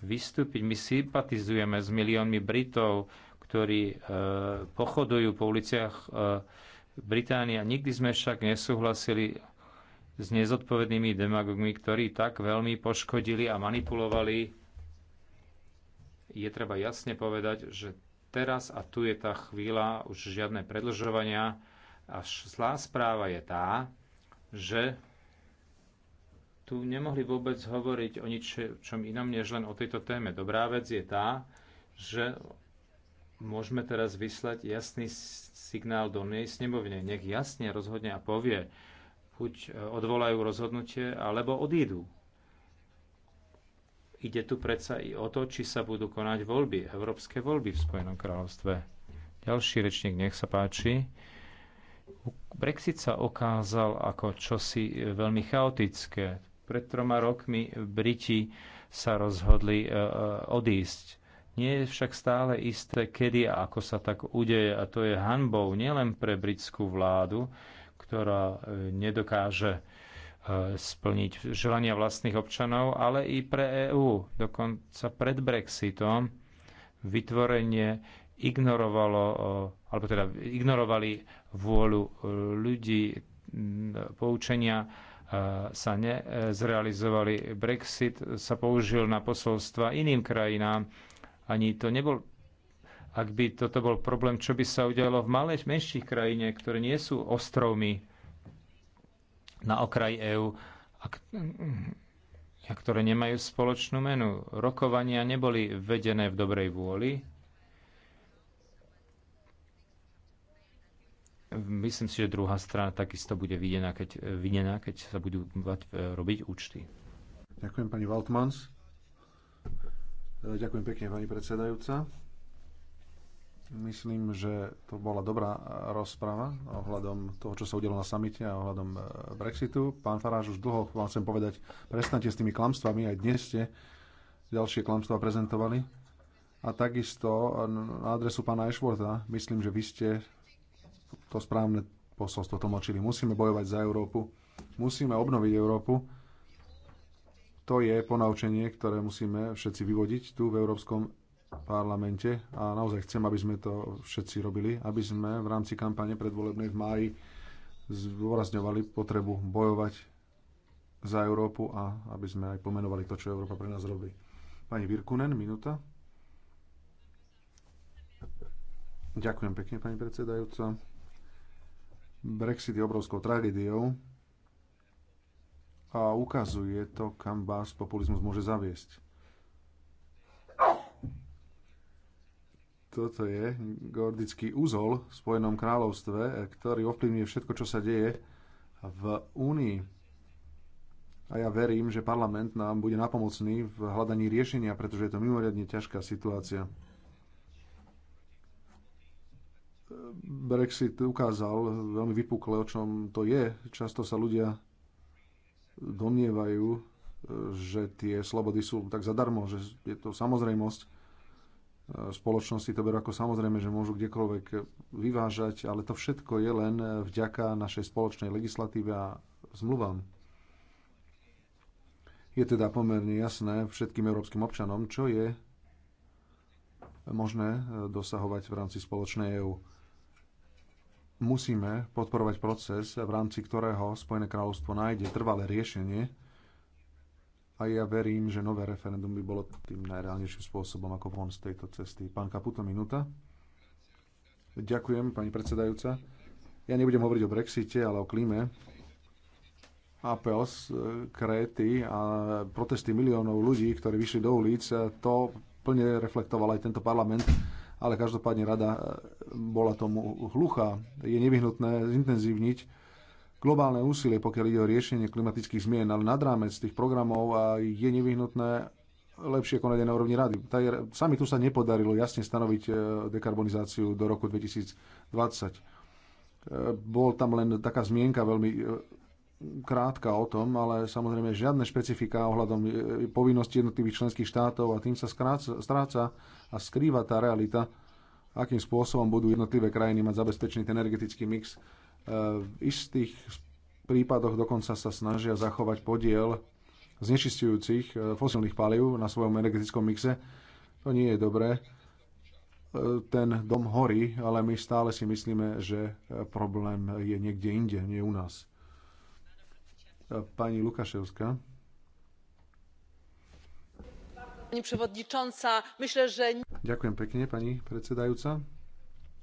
vystúpiť. My sympatizujeme s miliónmi Britov, ktorí e, pochodujú po uliciach e, Británia. Nikdy sme však nesúhlasili s nezodpovednými demagogmi, ktorí tak veľmi poškodili a manipulovali. Je treba jasne povedať, že teraz a tu je tá chvíľa, už žiadne predlžovania. Až zlá správa je tá, že tu nemohli vôbec hovoriť o ničom inom, než len o tejto téme. Dobrá vec je tá, že môžeme teraz vyslať jasný signál do nej snemovne. Nech jasne rozhodne a povie, buď e, odvolajú rozhodnutie, alebo odídu. Ide tu predsa i o to, či sa budú konať voľby, európske voľby v Spojenom kráľovstve. Ďalší rečník, nech sa páči. Brexit sa okázal ako čosi e, veľmi chaotické. Pred troma rokmi Briti sa rozhodli e, odísť nie je však stále isté, kedy a ako sa tak udeje. A to je hanbou nielen pre britskú vládu, ktorá e, nedokáže e, splniť želania vlastných občanov, ale i pre EÚ. Dokonca pred Brexitom vytvorenie ignorovalo, e, alebo teda ignorovali vôľu ľudí, poučenia sa nezrealizovali. Brexit sa použil na posolstva iným krajinám, ani to nebol, ak by toto bol problém, čo by sa udialo v malej, menších krajine, ktoré nie sú ostrovmi na okraji EÚ a, a ktoré nemajú spoločnú menu. Rokovania neboli vedené v dobrej vôli. Myslím si, že druhá strana takisto bude videná, keď, videná, keď sa budú e, robiť účty. Ďakujem pani Waltmans. E, ďakujem pekne, pani predsedajúca. Myslím, že to bola dobrá rozprava ohľadom toho, čo sa udialo na samite a ohľadom e, Brexitu. Pán Faráž, už dlho vám chcem povedať, prestante s tými klamstvami, aj dnes ste ďalšie klamstvá prezentovali. A takisto na adresu pána Ashworta, myslím, že vy ste to správne posolstvo tlmočili. Musíme bojovať za Európu, musíme obnoviť Európu to je ponaučenie, ktoré musíme všetci vyvodiť tu v Európskom parlamente a naozaj chcem, aby sme to všetci robili, aby sme v rámci kampane predvolebnej v máji zdôrazňovali potrebu bojovať za Európu a aby sme aj pomenovali to, čo Európa pre nás robí. Pani Virkunen, minúta. Ďakujem pekne, pani predsedajúca. Brexit je obrovskou tragédiou a ukazuje to, kam vás populizmus môže zaviesť. Toto je gordický úzol v Spojenom kráľovstve, ktorý ovplyvňuje všetko, čo sa deje v Únii. A ja verím, že parlament nám bude napomocný v hľadaní riešenia, pretože je to mimoriadne ťažká situácia. Brexit ukázal veľmi vypukle, o čom to je. Často sa ľudia domnievajú, e, že tie slobody sú tak zadarmo, že je to samozrejmosť. E, spoločnosti to berú ako samozrejme, že môžu kdekoľvek vyvážať, ale to všetko je len vďaka našej spoločnej legislatíve a zmluvám. Je teda pomerne jasné všetkým európskym občanom, čo je možné dosahovať v rámci spoločnej EÚ musíme podporovať proces, v rámci ktorého Spojené kráľovstvo nájde trvalé riešenie a ja verím, že nové referendum by bolo tým najreálnejším spôsobom, ako von z tejto cesty. Pán Kaputo, minúta. Ďakujem, pani predsedajúca. Ja nebudem hovoriť o Brexite, ale o klíme. Apels, e, kréty a protesty miliónov ľudí, ktorí vyšli do ulic, e, to plne reflektoval aj tento parlament ale každopádne rada e, bola tomu hluchá. Je nevyhnutné zintenzívniť globálne úsilie, pokiaľ ide o riešenie klimatických zmien, ale nad rámec tých programov a je nevyhnutné lepšie konať aj na úrovni rady. Sami tu sa nepodarilo jasne stanoviť e, dekarbonizáciu do roku 2020. E, bol tam len taká zmienka veľmi krátka o tom, ale samozrejme žiadne špecifika ohľadom e, e, povinnosti jednotlivých členských štátov a tým sa stráca a skrýva tá realita, akým spôsobom budú jednotlivé krajiny mať zabezpečený ten energetický mix. E, v istých prípadoch dokonca sa snažia zachovať podiel znečistujúcich fosilných palív na svojom energetickom mixe. To nie je dobré. Ten dom horí, ale my stále si myslíme, že problém je niekde inde, nie u nás. Pani Lukaševská. Ďakujem pekne, pani predsedajúca.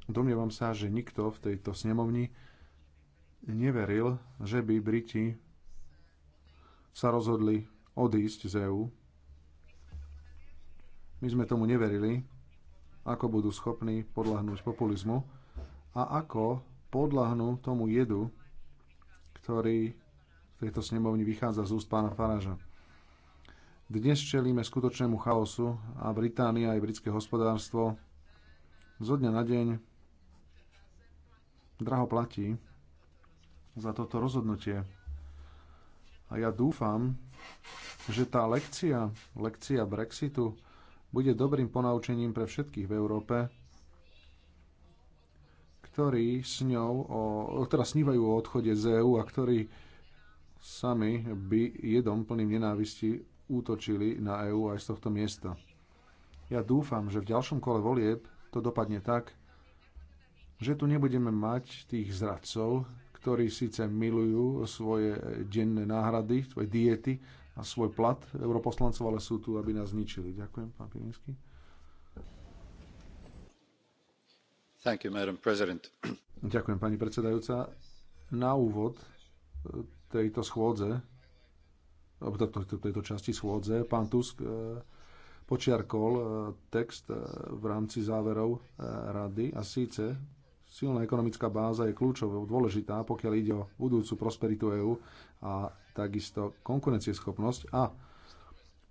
Domnievam sa, že nikto v tejto snemovni neveril, že by Briti sa rozhodli odísť z EÚ. My sme tomu neverili, ako budú schopní podľahnúť populizmu a ako podľahnú tomu jedu, ktorý tejto snemovni vychádza z úst pána Faráža. Dnes čelíme skutočnému chaosu a Británia aj britské hospodárstvo zo dňa na deň draho platí za toto rozhodnutie. A ja dúfam, že tá lekcia, lekcia Brexitu, bude dobrým ponaučením pre všetkých v Európe, ktorí s ňou, o, teda snívajú o odchode z EÚ a ktorí sami by jedom plným nenávisti útočili na EÚ aj z tohto miesta. Ja dúfam, že v ďalšom kole volieb to dopadne tak, že tu nebudeme mať tých zradcov, ktorí síce milujú svoje denné náhrady, svoje diety a svoj plat europoslancov, ale sú tu, aby nás zničili. Ďakujem, pán Pirinsky. Ďakujem, pani predsedajúca. Na úvod tejto schôdze, tejto časti schôdze, pán Tusk e, počiarkol e, text e, v rámci záverov rady a síce silná ekonomická báza je kľúčovou dôležitá, pokiaľ ide o budúcu prosperitu EÚ a takisto konkurencieschopnosť a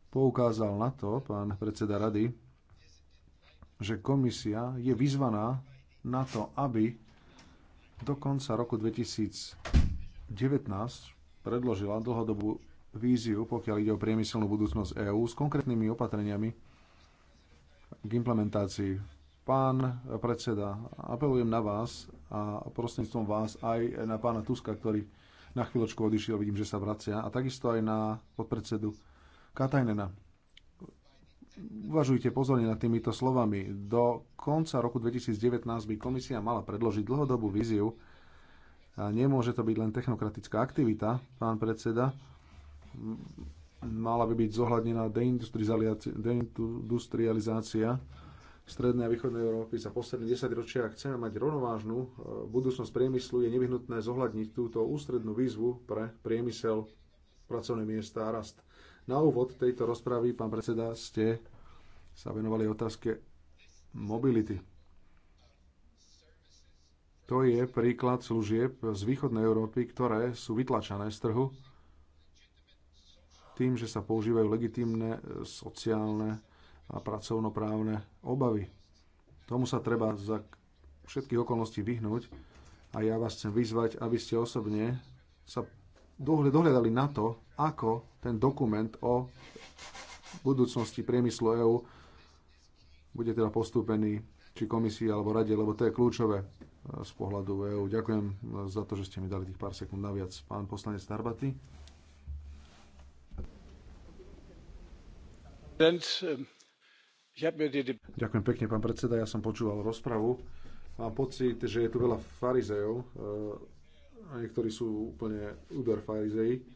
poukázal na to pán predseda rady, že komisia je vyzvaná na to, aby do konca roku 2000 19 predložila dlhodobú víziu, pokiaľ ide o priemyselnú budúcnosť EÚ s konkrétnymi opatreniami k implementácii. Pán predseda, apelujem na vás a prostredníctvom vás aj na pána Tuska, ktorý na chvíľočku odišiel, vidím, že sa vracia, a takisto aj na podpredsedu Katajnena. Uvažujte pozorne nad týmito slovami. Do konca roku 2019 by komisia mala predložiť dlhodobú víziu a nemôže to byť len technokratická aktivita, pán predseda. Mala by byť zohľadnená deindustrializácia strednej a východnej Európy za posledné 10 ročia. Ak chceme mať rovnovážnu e, budúcnosť priemyslu, je nevyhnutné zohľadniť túto ústrednú výzvu pre priemysel, pracovné miesta a rast. Na úvod tejto rozpravy, pán predseda, ste sa venovali otázke mobility to je príklad služieb z východnej Európy, ktoré sú vytlačené z trhu tým, že sa používajú legitímne e, sociálne a pracovnoprávne obavy. Tomu sa treba za všetkých okolností vyhnúť a ja vás chcem vyzvať, aby ste osobne sa dohľadali na to, ako ten dokument o budúcnosti priemyslu EÚ bude teda postúpený či komisii alebo rade, lebo to je kľúčové z pohľadu EÚ. Ďakujem za to, že ste mi dali tých pár sekúnd naviac. Pán poslanec Narbaty. Ďakujem pekne, pán predseda. Ja som počúval rozpravu. Mám pocit, že je tu veľa farizejov. E, niektorí sú úplne uber farizeji.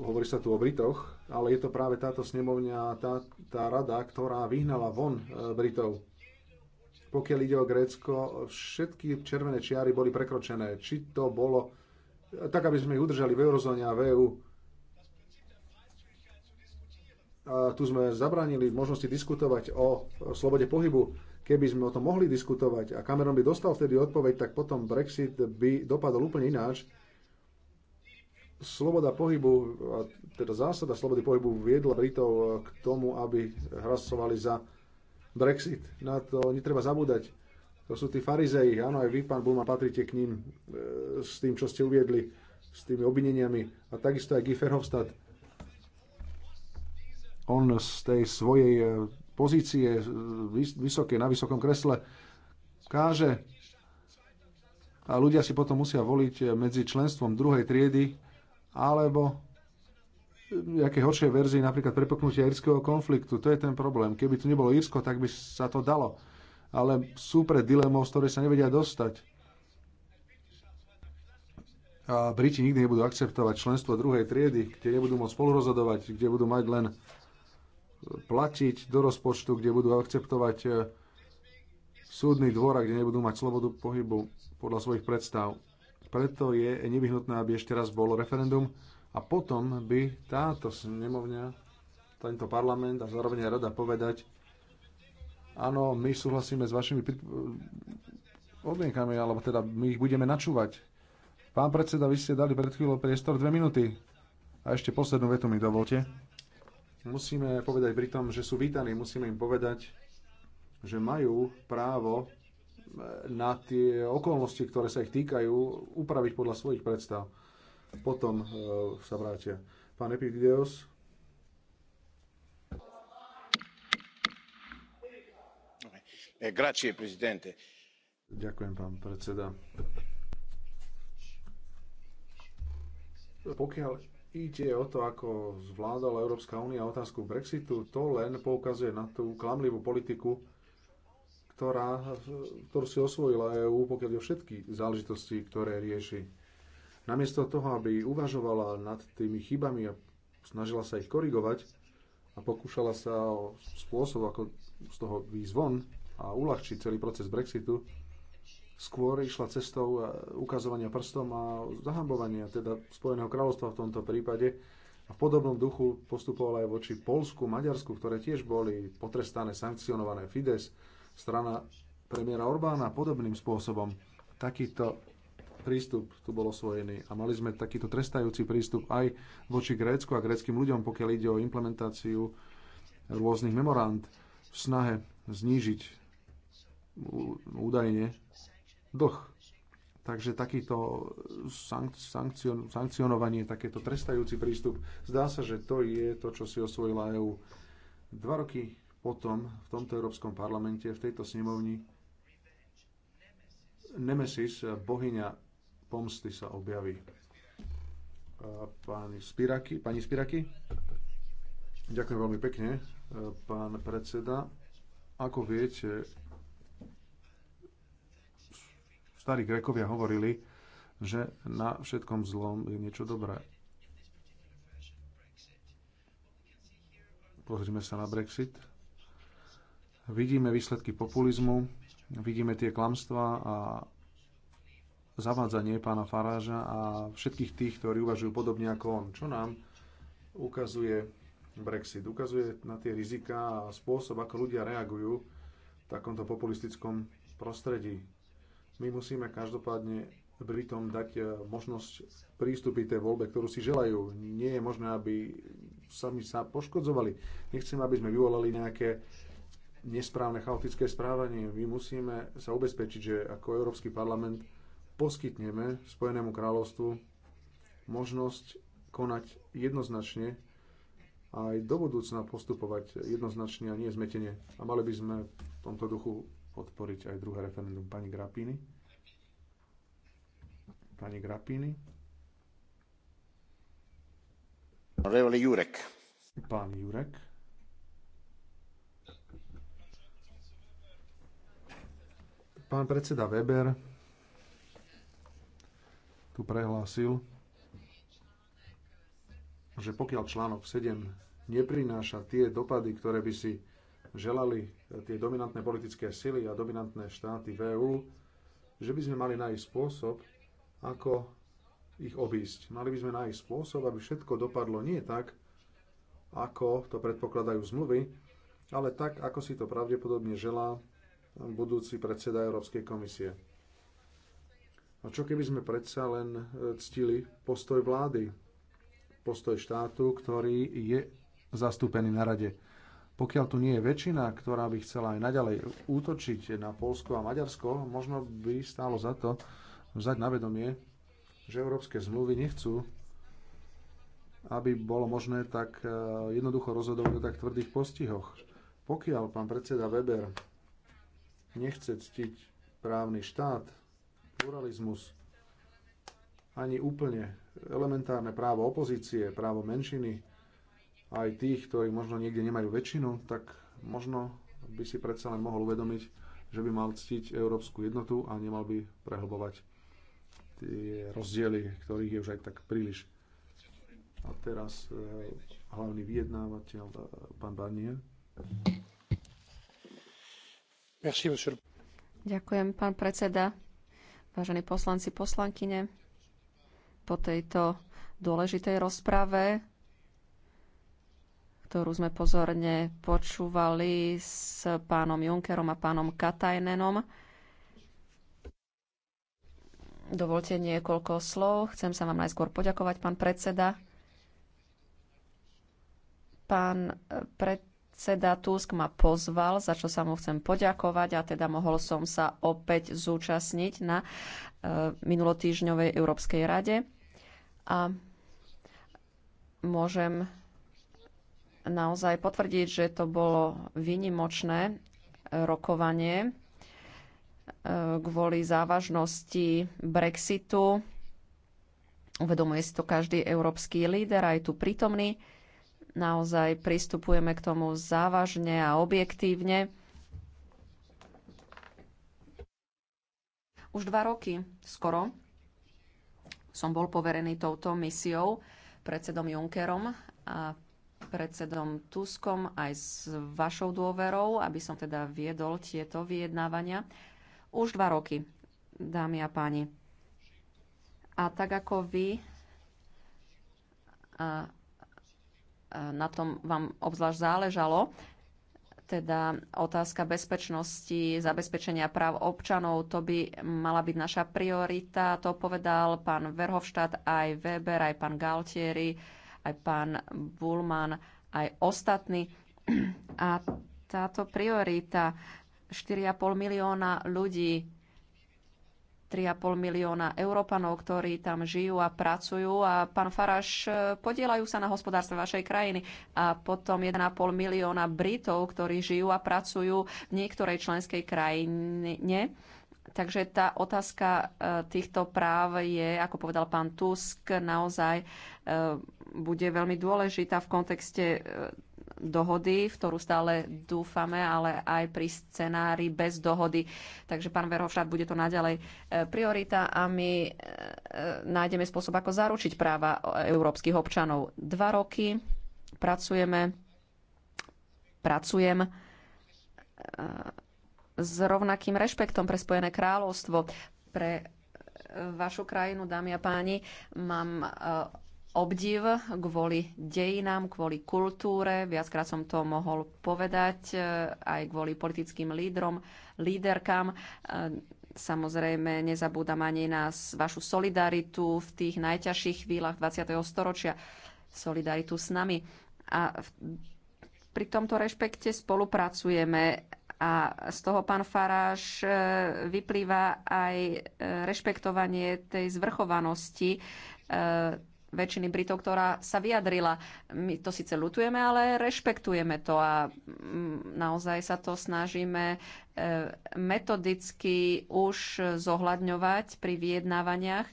Hovorí sa tu o Britoch, ale je to práve táto snemovňa, tá, tá rada, ktorá vyhnala von e, Britov pokiaľ ide o Grécko, všetky červené čiary boli prekročené. Či to bolo tak, aby sme ich udržali v eurozóne a v EU, a tu sme zabránili možnosti diskutovať o slobode pohybu. Keby sme o tom mohli diskutovať a Cameron by dostal vtedy odpoveď, tak potom Brexit by dopadol úplne ináč. Sloboda pohybu, teda zásada slobody pohybu viedla Britov k tomu, aby hlasovali za Brexit, na to netreba zabúdať. To sú tí farizei, áno, aj vy, pán Bulma, patrite k ním e, s tým, čo ste uviedli, s tými obvineniami a takisto aj Guy On z tej svojej e, pozície e, vysokej, na vysokom kresle káže a ľudia si potom musia voliť e, medzi členstvom druhej triedy alebo nejaké horšej verzie, napríklad prepoknutia írskeho konfliktu. To je ten problém. Keby to nebolo Írsko, tak by sa to dalo. Ale sú pred dilemou, z ktorej sa nevedia dostať. A Briti nikdy nebudú akceptovať členstvo druhej triedy, kde nebudú môcť spolurozhodovať, kde budú mať len platiť do rozpočtu, kde budú akceptovať e, súdny dvor a kde nebudú mať slobodu pohybu podľa svojich predstav. Preto je nevyhnutné, aby ešte raz bolo referendum a potom by táto snemovňa, tento parlament a zároveň aj rada povedať, áno, my súhlasíme s vašimi podmienkami, alebo teda my ich budeme načúvať. Pán predseda, vy ste dali pred chvíľou priestor dve minúty. A ešte poslednú vetu mi dovolte. Musíme povedať Britom, že sú vítaní, musíme im povedať, že majú právo eh, na tie okolnosti, ktoré sa ich týkajú, upraviť podľa svojich predstav potom e, sa vrátia. Pán Epikdeos. Grazie, presidente. Ďakujem, pán predseda. Pokiaľ ide o to, ako zvládala Európska únia otázku Brexitu, to len poukazuje na tú klamlivú politiku, ktorá, ktorú si osvojila EÚ, pokiaľ je všetky záležitosti, ktoré rieši Namiesto toho, aby uvažovala nad tými chybami a snažila sa ich korigovať a pokúšala sa o spôsob, ako z toho výjsť von a uľahčiť celý proces Brexitu, skôr išla cestou e, ukazovania prstom a zahambovania teda Spojeného kráľovstva v tomto prípade. A v podobnom duchu postupovala aj voči Polsku, Maďarsku, ktoré tiež boli potrestané, sankcionované. Fides, strana premiéra Orbána podobným spôsobom. Takýto prístup tu bol osvojený a mali sme takýto trestajúci prístup aj voči Grécku a gréckým ľuďom, pokiaľ ide o implementáciu rôznych memorand v snahe znížiť údajne dlh. Takže takýto sankcion, sankcionovanie, takéto trestajúci prístup, zdá sa, že to je to, čo si osvojila EU. Dva roky potom v tomto Európskom parlamente, v tejto snemovni, Nemesis, bohyňa pomsty sa objaví. Pani Spiraky, pani Spiraky? Ďakujem veľmi pekne, e, pán predseda. Ako viete, starí Grekovia hovorili, že na všetkom zlom je niečo dobré. Pozrime sa na Brexit. Vidíme výsledky populizmu, vidíme tie klamstvá a zavádzanie pána Faráža a všetkých tých, ktorí uvažujú podobne ako on. Čo nám ukazuje Brexit? Ukazuje na tie rizika a spôsob, ako ľudia reagujú v takomto populistickom prostredí. My musíme každopádne Britom dať e, možnosť prístupiť tej voľbe, ktorú si želajú. Nie je možné, aby sami sa poškodzovali. Nechcem, aby sme vyvolali nejaké nesprávne, chaotické správanie. My musíme sa ubezpečiť, že ako Európsky parlament poskytneme Spojenému kráľovstvu možnosť konať jednoznačne a aj do budúcna postupovať jednoznačne a nie zmetenie. A mali by sme v tomto duchu podporiť aj druhé referendum pani Grapíny. Pani Grapíny. Jurek. Pán Jurek. Pán predseda Weber, tu prehlásil, že pokiaľ článok 7 neprináša tie dopady, ktoré by si želali tie dominantné politické sily a dominantné štáty v EÚ, že by sme mali nájsť spôsob, ako ich obísť. Mali by sme nájsť spôsob, aby všetko dopadlo nie tak, ako to predpokladajú zmluvy, ale tak, ako si to pravdepodobne želá budúci predseda Európskej komisie. A no čo keby sme predsa len e, ctili postoj vlády, postoj štátu, ktorý je zastúpený na rade? Pokiaľ tu nie je väčšina, ktorá by chcela aj naďalej útočiť na Polsko a Maďarsko, možno by stálo za to vzať na vedomie, že európske zmluvy nechcú, aby bolo možné tak e, jednoducho rozhodovať o tak tvrdých postihoch. Pokiaľ pán predseda Weber nechce ctiť právny štát, pluralizmus, ani úplne elementárne právo opozície, právo menšiny, aj tých, ktorí možno niekde nemajú väčšinu, tak možno by si predsa len mohol uvedomiť, že by mal ctiť európsku jednotu a nemal by prehlbovať tie rozdiely, ktorých je už aj tak príliš. A teraz eh, hlavný vyjednávateľ, eh, pán Barnier. Ďakujem, pán predseda vážení poslanci, poslankyne, po tejto dôležitej rozprave, ktorú sme pozorne počúvali s pánom Junkerom a pánom Katajnenom. Dovolte niekoľko slov. Chcem sa vám najskôr poďakovať, pán predseda. Pán pred, predseda Tusk ma pozval, za čo sa mu chcem poďakovať a teda mohol som sa opäť zúčastniť na e, minulotýžňovej Európskej rade. A môžem naozaj potvrdiť, že to bolo vynimočné rokovanie e, kvôli závažnosti Brexitu. Uvedomuje si to každý európsky líder, aj tu prítomný naozaj pristupujeme k tomu závažne a objektívne. Už dva roky skoro som bol poverený touto misiou predsedom Junckerom a predsedom Tuskom aj s vašou dôverou, aby som teda viedol tieto vyjednávania. Už dva roky, dámy a páni. A tak ako vy, Eh, na tom vám obzvlášť záležalo, teda otázka bezpečnosti, zabezpečenia práv občanov, to by mala byť naša priorita. To povedal pán Verhofštát, aj Weber, aj pán Galtieri, aj pán Bulman, aj ostatní. A táto priorita 4,5 milióna ľudí 3,5 milióna Európanov, ktorí tam žijú a pracujú a pán Faraš, e, podielajú sa na hospodárstve vašej krajiny a potom 1,5 milióna Britov, ktorí žijú a pracujú v niektorej členskej krajine. Takže tá otázka e, týchto práv je, ako povedal pán Tusk, naozaj e, bude veľmi dôležitá v kontexte dohody, v ktorú stále dúfame, ale aj pri scenári bez dohody. Takže pán Verhofštát, bude to naďalej e, priorita a my e, e, nájdeme spôsob, ako zaručiť práva európskych občanov. Dva roky pracujeme, pracujem s rovnakým rešpektom pre Spojené kráľovstvo, pre vašu krajinu, dámy a páni. Mám obdiv kvôli dejinám, kvôli kultúre. Viackrát som to mohol povedať e, aj kvôli politickým lídrom, líderkám. E, samozrejme, nezabúdam ani na vašu solidaritu v tých najťažších chvíľach 20. storočia. Solidaritu s nami. A pri tomto rešpekte spolupracujeme a z toho pán Faráš e, vyplýva aj rešpektovanie tej zvrchovanosti väčšiny Britov, ktorá sa vyjadrila. My to síce lutujeme, ale rešpektujeme to a mm, naozaj sa to snažíme e, metodicky už zohľadňovať pri vyjednávaniach.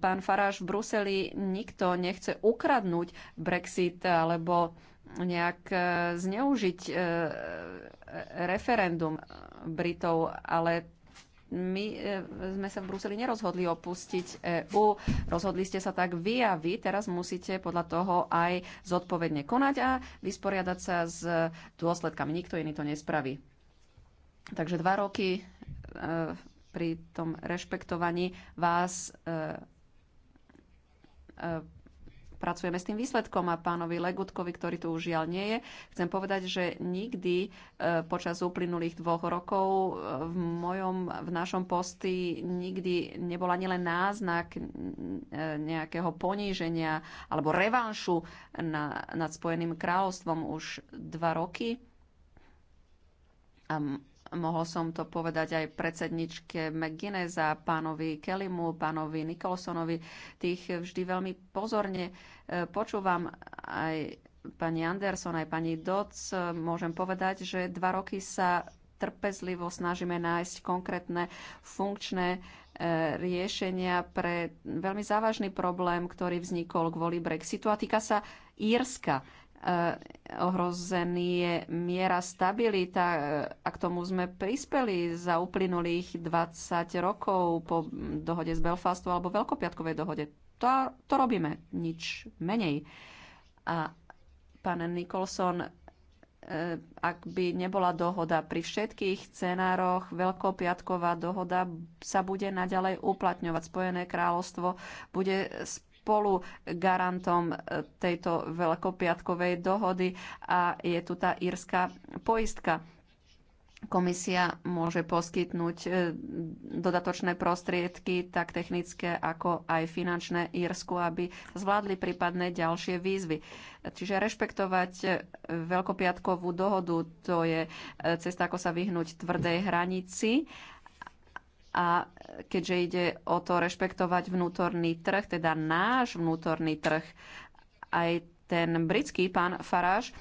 Pán Faráš v Bruseli nikto nechce ukradnúť Brexit alebo nejak e, zneužiť e, referendum Britov, ale my e, sme sa v Bruseli nerozhodli opustiť EÚ. rozhodli ste sa tak vy a vy teraz musíte podľa toho aj zodpovedne konať a vysporiadať sa s dôsledkami. Nikto iný to nespraví. Takže dva roky e, pri tom rešpektovaní vás e, pracujeme s tým výsledkom a pánovi Legutkovi, ktorý tu už žiaľ nie je, chcem povedať, že nikdy e, počas uplynulých dvoch rokov e, v mojom, v našom posti nikdy nebola nielen náznak e, nejakého poníženia alebo revanšu na, nad Spojeným kráľovstvom už dva roky. A Mohol som to povedať aj predsedničke McGuinness a pánovi Kellymu, pánovi Nicholsonovi, Tých vždy veľmi pozorne e, počúvam aj pani Anderson, aj pani Doc. E, môžem povedať, že dva roky sa trpezlivo snažíme nájsť konkrétne funkčné e, riešenia pre veľmi závažný problém, ktorý vznikol kvôli Brexitu a týka sa Írska Eh, ohrozený je miera stabilita eh, a k tomu sme prispeli za uplynulých 20 rokov po dohode z Belfastu alebo veľkopiatkovej dohode. To, to robíme, nič menej. A pán Nicholson, eh, ak by nebola dohoda pri všetkých scenároch, Veľkopiatková dohoda sa bude naďalej uplatňovať. Spojené kráľovstvo bude spolu garantom e, tejto veľkopiatkovej dohody a je tu tá írska poistka. Komisia môže poskytnúť e, dodatočné prostriedky, tak technické ako aj finančné Írsku, aby zvládli prípadné ďalšie výzvy. Čiže rešpektovať e, veľkopiatkovú dohodu, to je cesta, ako sa vyhnúť tvrdej hranici a keďže ide o to rešpektovať vnútorný trh, teda náš vnútorný trh, aj ten britský pán Farage,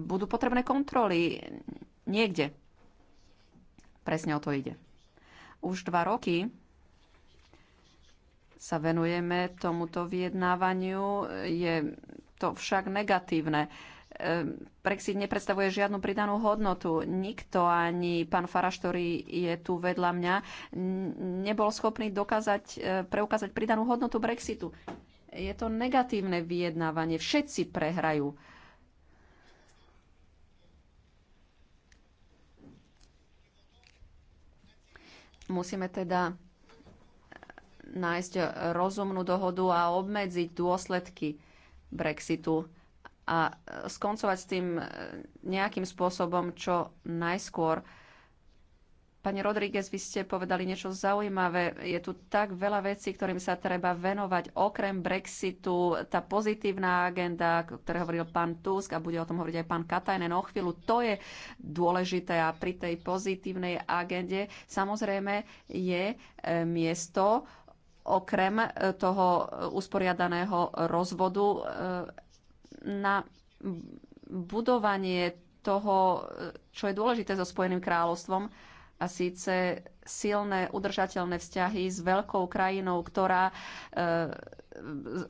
budú potrebné kontroly niekde. Presne o to ide. Už dva roky sa venujeme tomuto vyjednávaniu. Je to však negatívne. Brexit nepredstavuje žiadnu pridanú hodnotu. Nikto, ani pán Faraš, ktorý je tu vedľa mňa, nebol schopný dokázať, e, preukázať pridanú hodnotu Brexitu. Je to negatívne vyjednávanie. Všetci prehrajú. Musíme teda e, nájsť rozumnú dohodu a obmedziť dôsledky Brexitu a e, skoncovať s tým e, nejakým spôsobom, čo najskôr. Pani Rodríguez, vy ste povedali niečo zaujímavé. Je tu tak veľa vecí, ktorým sa treba venovať. Okrem Brexitu, tá pozitívna agenda, o ktorej hovoril pán Tusk a bude o tom hovoriť aj pán Katajnen o chvíľu, to je dôležité a pri tej pozitívnej agende samozrejme je e, miesto okrem toho usporiadaného rozvodu na budovanie toho, čo je dôležité so Spojeným kráľovstvom, a síce silné udržateľné vzťahy s veľkou krajinou, ktorá e,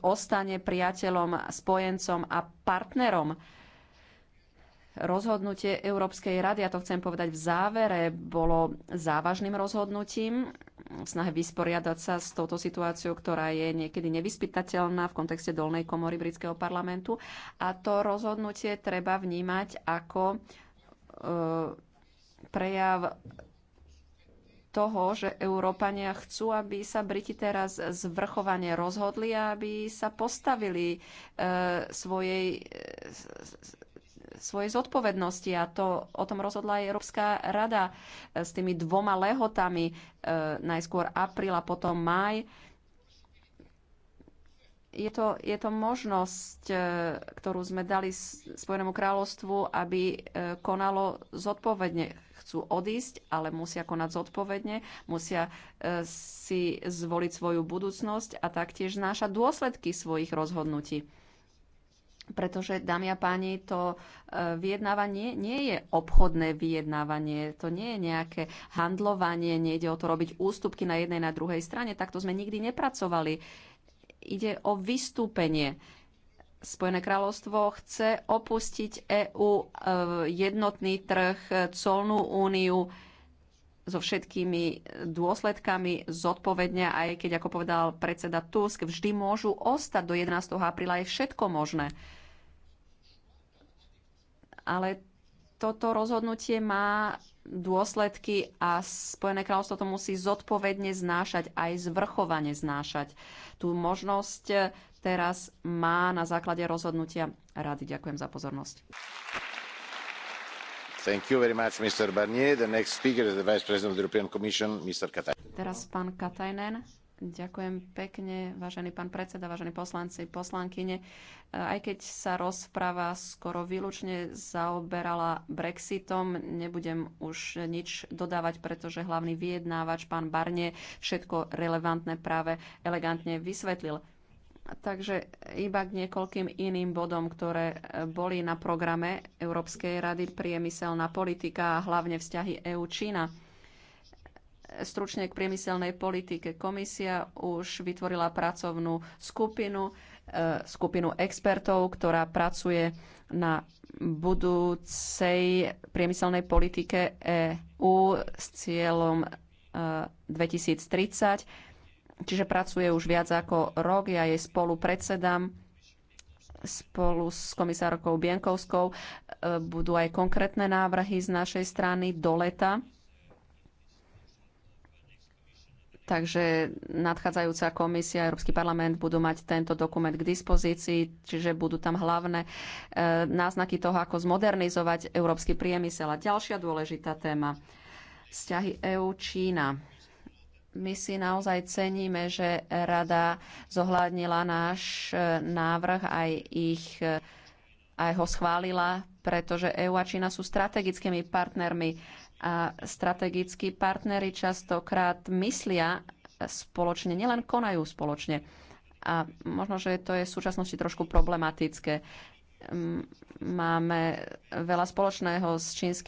ostane priateľom, spojencom a partnerom rozhodnutie Európskej rady, a to chcem povedať v závere, bolo závažným rozhodnutím v snahe vysporiadať sa s touto situáciou, ktorá je niekedy nevyspytateľná v kontexte dolnej komory britského parlamentu. A to rozhodnutie treba vnímať ako e, prejav toho, že Európania chcú, aby sa Briti teraz zvrchovane rozhodli a aby sa postavili e, svojej e, svojej zodpovednosti a to o tom rozhodla aj Európska rada e, s tými dvoma lehotami, e, najskôr apríl a potom maj. Je to, je to možnosť, e, ktorú sme dali Spojenému kráľovstvu, aby konalo zodpovedne. Chcú odísť, ale musia konať zodpovedne, musia si zvoliť svoju budúcnosť a taktiež znášať dôsledky svojich rozhodnutí pretože, dámy a páni, to e, vyjednávanie nie je obchodné vyjednávanie, to nie je nejaké handlovanie, nejde o to robiť ústupky na jednej, na druhej strane, takto sme nikdy nepracovali. Ide o vystúpenie. Spojené kráľovstvo chce opustiť EÚ, e, jednotný trh, e, colnú úniu, so všetkými dôsledkami zodpovedne, aj keď, ako povedal predseda Tusk, vždy môžu ostať do 11. apríla, je všetko možné. Ale toto rozhodnutie má dôsledky a Spojené kráľovstvo to musí zodpovedne znášať, aj zvrchovane znášať. Tú možnosť teraz má na základe rozhodnutia rady. Ďakujem za pozornosť. Teraz pán Katajnen. Ďakujem pekne, vážený pán predseda, vážení poslanci, poslankyne. Aj keď sa rozprava skoro výlučne zaoberala Brexitom, nebudem už nič dodávať, pretože hlavný vyjednávač, pán Barnier všetko relevantné práve elegantne vysvetlil. Takže iba k niekoľkým iným bodom, ktoré e, boli na programe Európskej rady priemyselná politika a hlavne vzťahy EU-Čína. Stručne k priemyselnej politike. Komisia už vytvorila pracovnú skupinu, e, skupinu expertov, ktorá pracuje na budúcej priemyselnej politike EU s cieľom 2030 e, čiže pracuje už viac ako rok. Ja jej spolu predsedám spolu s komisárkou Bienkovskou. E, budú aj konkrétne návrhy z našej strany do leta. Takže nadchádzajúca komisia, a Európsky parlament budú mať tento dokument k dispozícii, čiže budú tam hlavné e, náznaky toho, ako zmodernizovať európsky priemysel. A ďalšia dôležitá téma. Vzťahy EU-Čína my si naozaj ceníme, že rada zohľadnila náš e, návrh aj ich e, aj ho schválila, pretože EU a Čína sú strategickými partnermi a strategickí partnery častokrát myslia spoločne, nielen konajú spoločne. A možno, že to je v súčasnosti trošku problematické. Máme veľa spoločného s čínskymi